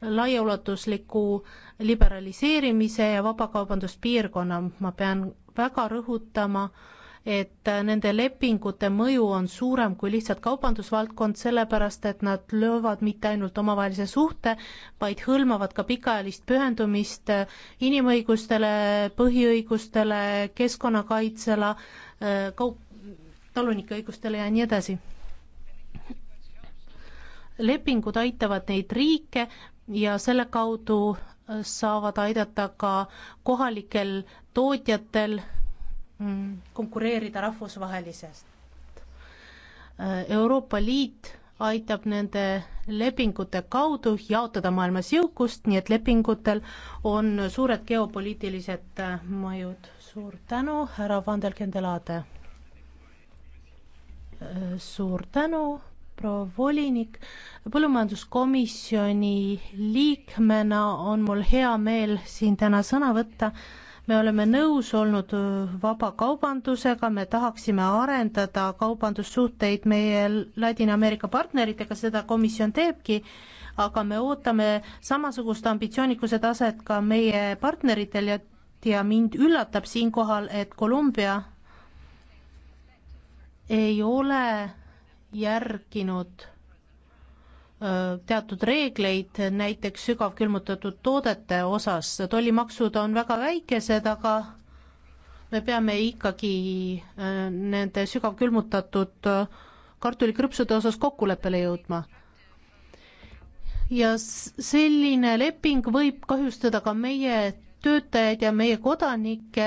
laiaulatusliku liberaliseerimise ja vabakaubanduspiirkonna, ma pean väga rõhutama äh, et nende lepingute mõju on suurem kui lihtsalt kaubandusvaldkond, sellepärast et nad löövad mitte ainult omavahelise suhte, vaid hõlmavad ka pikaajalist pühendumist inimõigustele, põhiõigustele, keskkonnakaitsele, kaup-, talunike õigustele ja nii edasi lepingud aitavad neid riike ja selle kaudu saavad aidata ka kohalikel tootjatel Mm. konkureerida rahvusvahelisest. Euroopa Liit aitab nende lepingute kaudu jaotada maailmas jõukust, nii et lepingutel on suured geopoliitilised mõjud. suur tänu, härra Vandelkendelade. suur tänu, proua volinik. põllumajanduskomisjoni liikmena on mul hea meel siin täna sõna võtta me oleme nõus olnud äh, vabakaubandusega, me tahaksime arendada kaubandussuhteid meie Ladina-Ameerika partneritega, seda komisjon teebki, aga me ootame samasugust ambitsioonikuse taset ka meie partneritel ja, ja mind üllatab siinkohal, et Kolumbia ei ole järginud Äh, teatud reegleid, näiteks sügavkülmutatud toodete osas, tollimaksud on väga väikesed, aga me peame ikkagi äh, nende sügavkülmutatud äh, kartulikrõpsude osas kokkuleppele jõudma. ja selline leping võib kahjustada ka meie töötajaid ja meie kodanikke.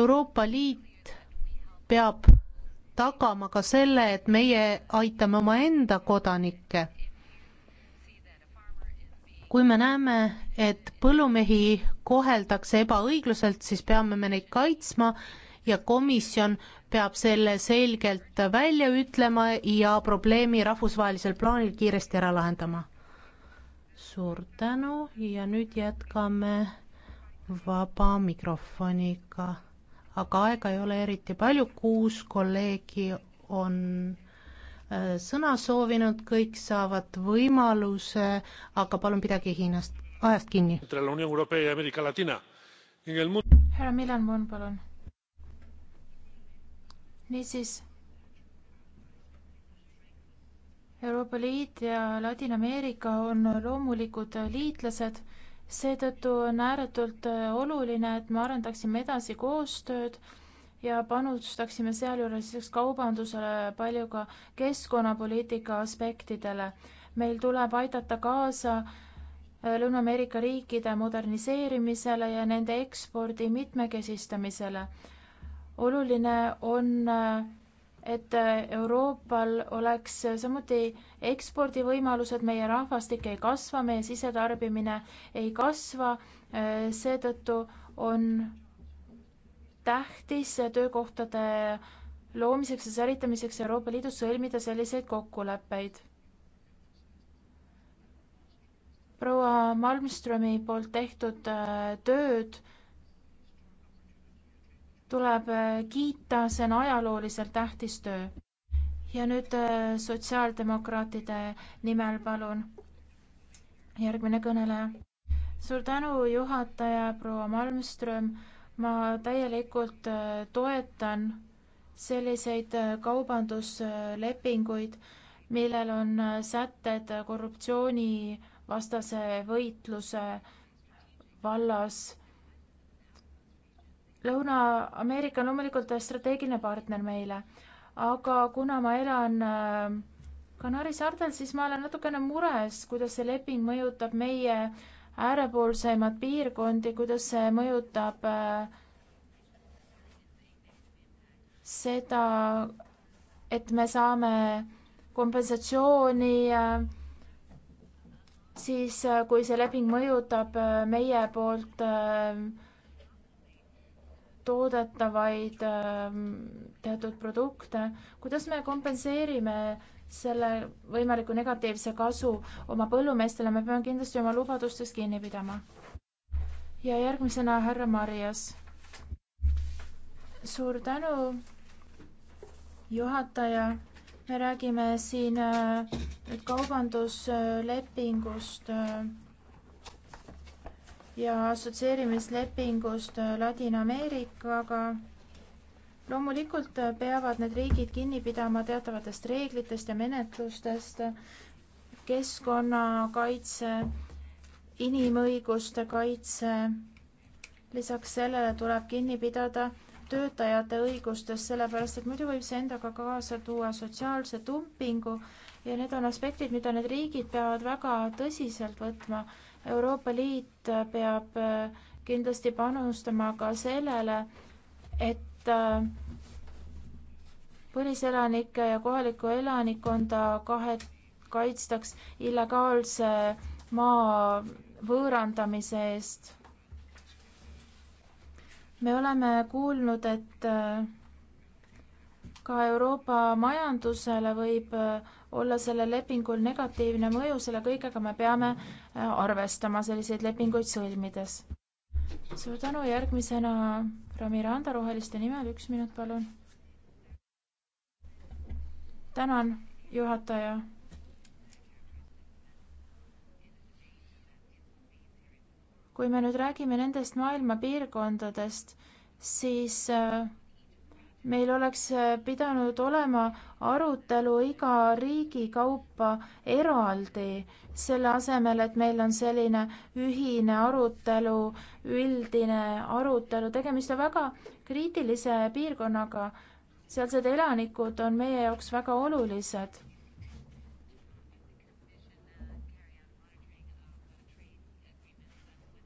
Euroopa Liit peab tagama ka selle, et meie aitame omaenda kodanikke. kui me näeme, et põllumehi koheldakse ebaõiglaselt, siis peame me neid kaitsma ja komisjon peab selle selgelt välja ütlema ja probleemi rahvusvahelisel plaanil kiiresti ära lahendama. suur tänu ja nüüd jätkame vaba mikrofoniga aga aega ei ole eriti palju, kuus kolleegi on äh, sõna soovinud, kõik saavad võimaluse, aga palun pidage Hiinast, ajast kinni. härra Milan Mon, palun. niisiis Euroopa Liit ja Ladina-Ameerika on loomulikud liitlased seetõttu on ääretult äh, oluline, et me arendaksime edasi koostööd ja panustaksime sealjuures lisaks kaubandusele palju ka keskkonnapoliitika aspektidele. meil tuleb aidata kaasa äh, Lõuna-Ameerika riikide moderniseerimisele ja nende ekspordi mitmekesistamisele. oluline on äh, et äh, Euroopal oleks samuti ekspordivõimalused, meie rahvastik ei kasva, meie sisetarbimine ei kasva, äh, seetõttu on tähtis töökohtade loomiseks ja säilitamiseks Euroopa Liidus sõlmida selliseid kokkuleppeid. proua Malmströmi poolt tehtud äh, tööd tuleb äh, kiita, see on ajalooliselt tähtis töö. ja nüüd äh, sotsiaaldemokraatide nimel palun järgmine kõneleja. suur tänu, juhataja proua Malmström. ma täielikult äh, toetan selliseid kaubanduslepinguid, millel on sätted korruptsioonivastase võitluse vallas Lõuna-Ameerika on loomulikult strateegiline partner meile, aga kuna ma elan äh, Kanaari saartel, siis ma olen natukene mures, kuidas see leping mõjutab meie äärepoolseimaid piirkondi, kuidas see mõjutab äh, seda, et me saame kompensatsiooni äh, siis, kui see leping mõjutab meie poolt äh, toodetavaid ähm, teatud produkte, kuidas me kompenseerime selle võimaliku negatiivse kasu oma põllumeestele, me peame kindlasti oma lubadustest kinni pidama. ja järgmisena härra Marias. suur tänu, juhataja. me räägime siin äh, nüüd kaubanduslepingust äh, ja assotsieerimislepingust Ladina-Ameerikaga. loomulikult peavad need riigid kinni pidama teatavatest reeglitest ja menetlustest keskkonnakaitse, inimõiguste kaitse. lisaks sellele tuleb kinni pidada töötajate õigustest, sellepärast et muidu võib see endaga kaasa tuua sotsiaalse dumpingu ja need on aspektid, mida need riigid peavad väga tõsiselt võtma. Euroopa Liit peab äh, kindlasti panustama ka sellele, et äh, põliselanikke ja kohalikku elanikkonda kahet-, kaitstaks illegaalse maa võõrandamise eest. me oleme kuulnud, et äh, ka Euroopa majandusele võib olla sellel lepingul negatiivne mõju, selle kõigega me peame äh, arvestama selliseid lepinguid sõlmides. suur tänu, järgmisena Ramiranda Roheliste nimel, üks minut, palun. tänan, juhataja kui me nüüd räägime nendest maailma piirkondadest, siis äh, meil oleks äh, pidanud olema arutelu iga riigi kaupa eraldi, selle asemel, et meil on selline ühine arutelu, üldine arutelu, tegemist on väga kriitilise piirkonnaga. sealsed elanikud on meie jaoks väga olulised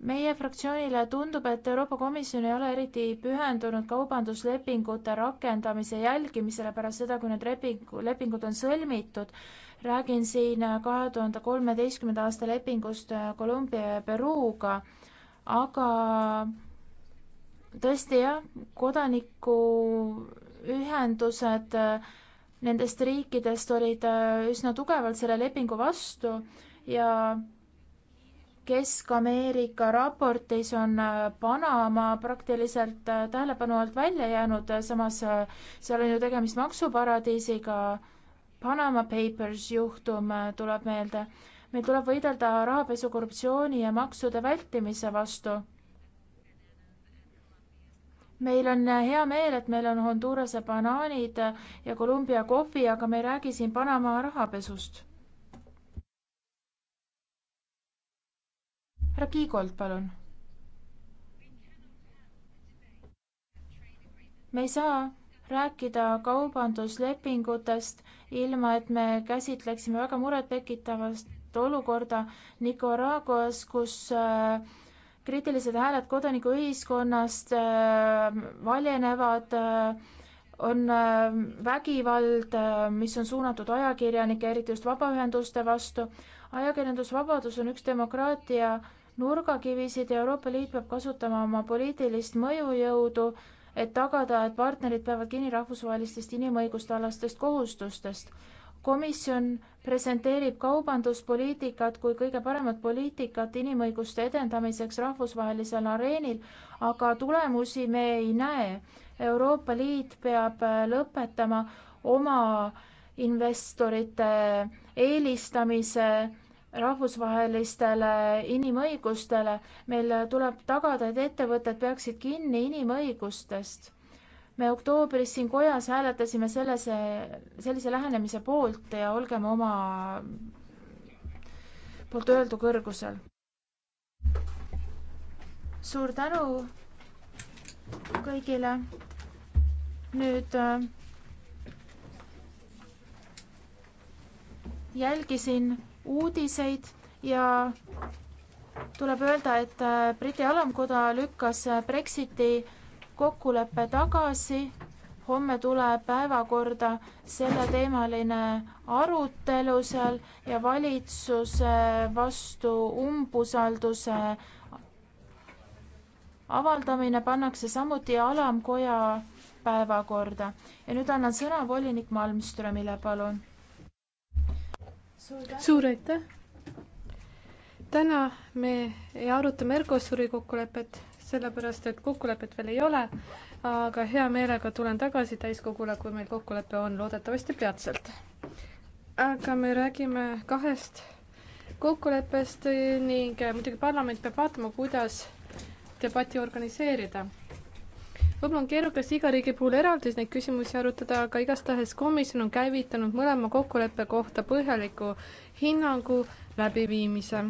meie fraktsioonile tundub et euroopa komisjon ei ole eriti pühendunud kaubanduslepingute rakendamise jälgimisele pärast seda kui need lepingu- lepingud on sõlmitud räägin siin 2013. aasta lepingust colombia ja peruga aga tõesti jah kodanikuühendused nendest riikidest olid üsna tugevalt selle lepingu vastu ja Kesk-Ameerika raportis on äh, Panama praktiliselt äh, tähelepanu alt välja jäänud, äh, samas seal on ju tegemist maksuparadiisiga. Panama Papers juhtum tuleb meelde. meil tuleb võidelda rahapesu, korruptsiooni ja maksude vältimise vastu. meil on hea meel, et meil on Hondurase banaanid ja Kolumbia kohvi, aga me ei räägi siin Panama rahapesust härra Kiigolt, palun. me ei saa rääkida kaubanduslepingutest ilma, et me käsitleksime väga murettekitavast olukorda Nicaraguas, kus äh, kriitilised hääled kodanikuühiskonnast äh, valjenevad, äh, on vägivald, mis on suunatud ajakirjanike, eriti just vabaühenduste vastu. ajakirjandusvabadus on üks demokraatia nurgakivisid ja Euroopa Liit peab kasutama oma poliitilist mõjujõudu, et tagada, et partnerid peavad kinni rahvusvahelistest inimõiguste alastest kohustustest. komisjon presenteerib kaubanduspoliitikat kui kõige paremat poliitikat inimõiguste edendamiseks rahvusvahelisel areenil, aga tulemusi me ei näe. Euroopa Liit peab äh, lõpetama oma investorite eelistamise rahvusvahelistele inimõigustele. meil tuleb tagada, et ettevõtted peaksid kinni inimõigustest. me oktoobris siin kojas hääletasime sellise, sellise lähenemise poolt ja olgem oma poolt öeldu kõrgusel. suur tänu kõigile. nüüd äh, jälgisin uudiseid ja tuleb öelda, et äh, Briti alamkoda lükkas äh, Brexiti kokkuleppe tagasi. homme tuleb päevakorda selleteemaline arutelu seal ja valitsuse vastu umbusalduse avaldamine pannakse samuti alamkoja päevakorda ja nüüd annan sõna volinik Malmströmile, palun suur aitäh! täna me ei aruta Mercosuri kokkulepet, sellepärast et kokkulepet veel ei ole, aga hea meelega tulen tagasi täiskogule, kui meil kokkulepe on, loodetavasti peatselt. aga me räägime kahest kokkuleppest ning muidugi parlament peab vaatama, kuidas debatti organiseerida võib-olla on keerukas iga riigi puhul eraldi neid küsimusi arutada, aga igastahes komisjon on käivitanud mõlema kokkuleppe kohta põhjaliku hinnangu läbiviimise.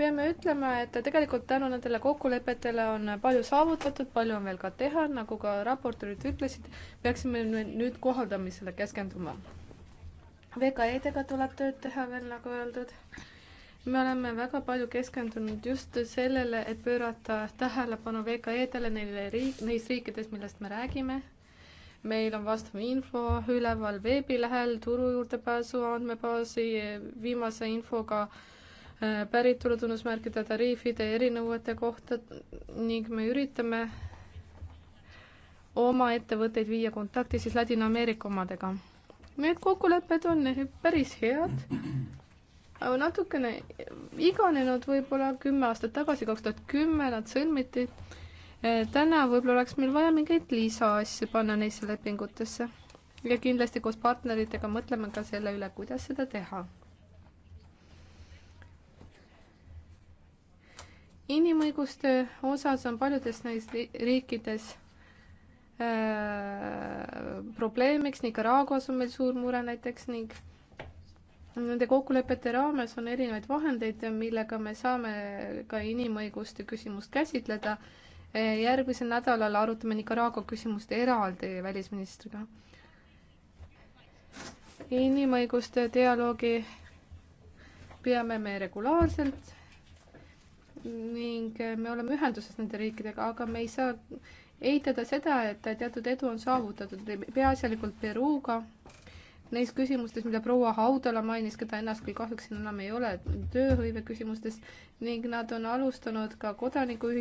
peame ütlema, et tegelikult tänu nendele kokkulepetele on palju saavutatud, palju on veel ka teha, nagu ka raportöörid ütlesid, peaksime nüüd kohaldamisele keskenduma. VKE-dega tuleb tööd teha veel, nagu öeldud me oleme väga palju keskendunud just sellele, et pöörata tähelepanu VKE-dele neile riik, neis riikides, millest me räägime. meil on vastav info üleval veebilehel, turu juurdepääsu andmebaasi viimase infoga äh, päritolu tunnusmärkide tariifide erinõuete kohta ning me üritame oma ettevõtteid viia kontakti siis Ladina-Ameerika omadega. Need kokkulepped on päris head natukene iganenud võib-olla kümme aastat tagasi, kaks tuhat kümme nad sõlmiti. Eh, täna võib-olla oleks meil vaja mingeid lisaasju panna neisse lepingutesse ja kindlasti koos partneritega mõtleme ka selle üle, kuidas seda teha. inimõiguste osas on paljudes neis riikides äh, probleemiks, Nicaraguas on meil suur mure näiteks ning Nende kokkulepete raames on erinevaid vahendeid, millega me saame ka inimõiguste küsimust käsitleda. järgmisel nädalal arutame Nicaragua küsimust eraldi välisministriga. inimõiguste dialoogi peame me regulaarselt ning me oleme ühenduses nende riikidega, aga me ei saa eitada seda, et teatud edu on saavutatud peaasjalikult Peruga neis küsimustes, mida proua Haudala mainis, keda ennast küll kahjuks siin enam ei ole, tööhõive küsimustes ning nad on alustanud ka kodanikuühiskonna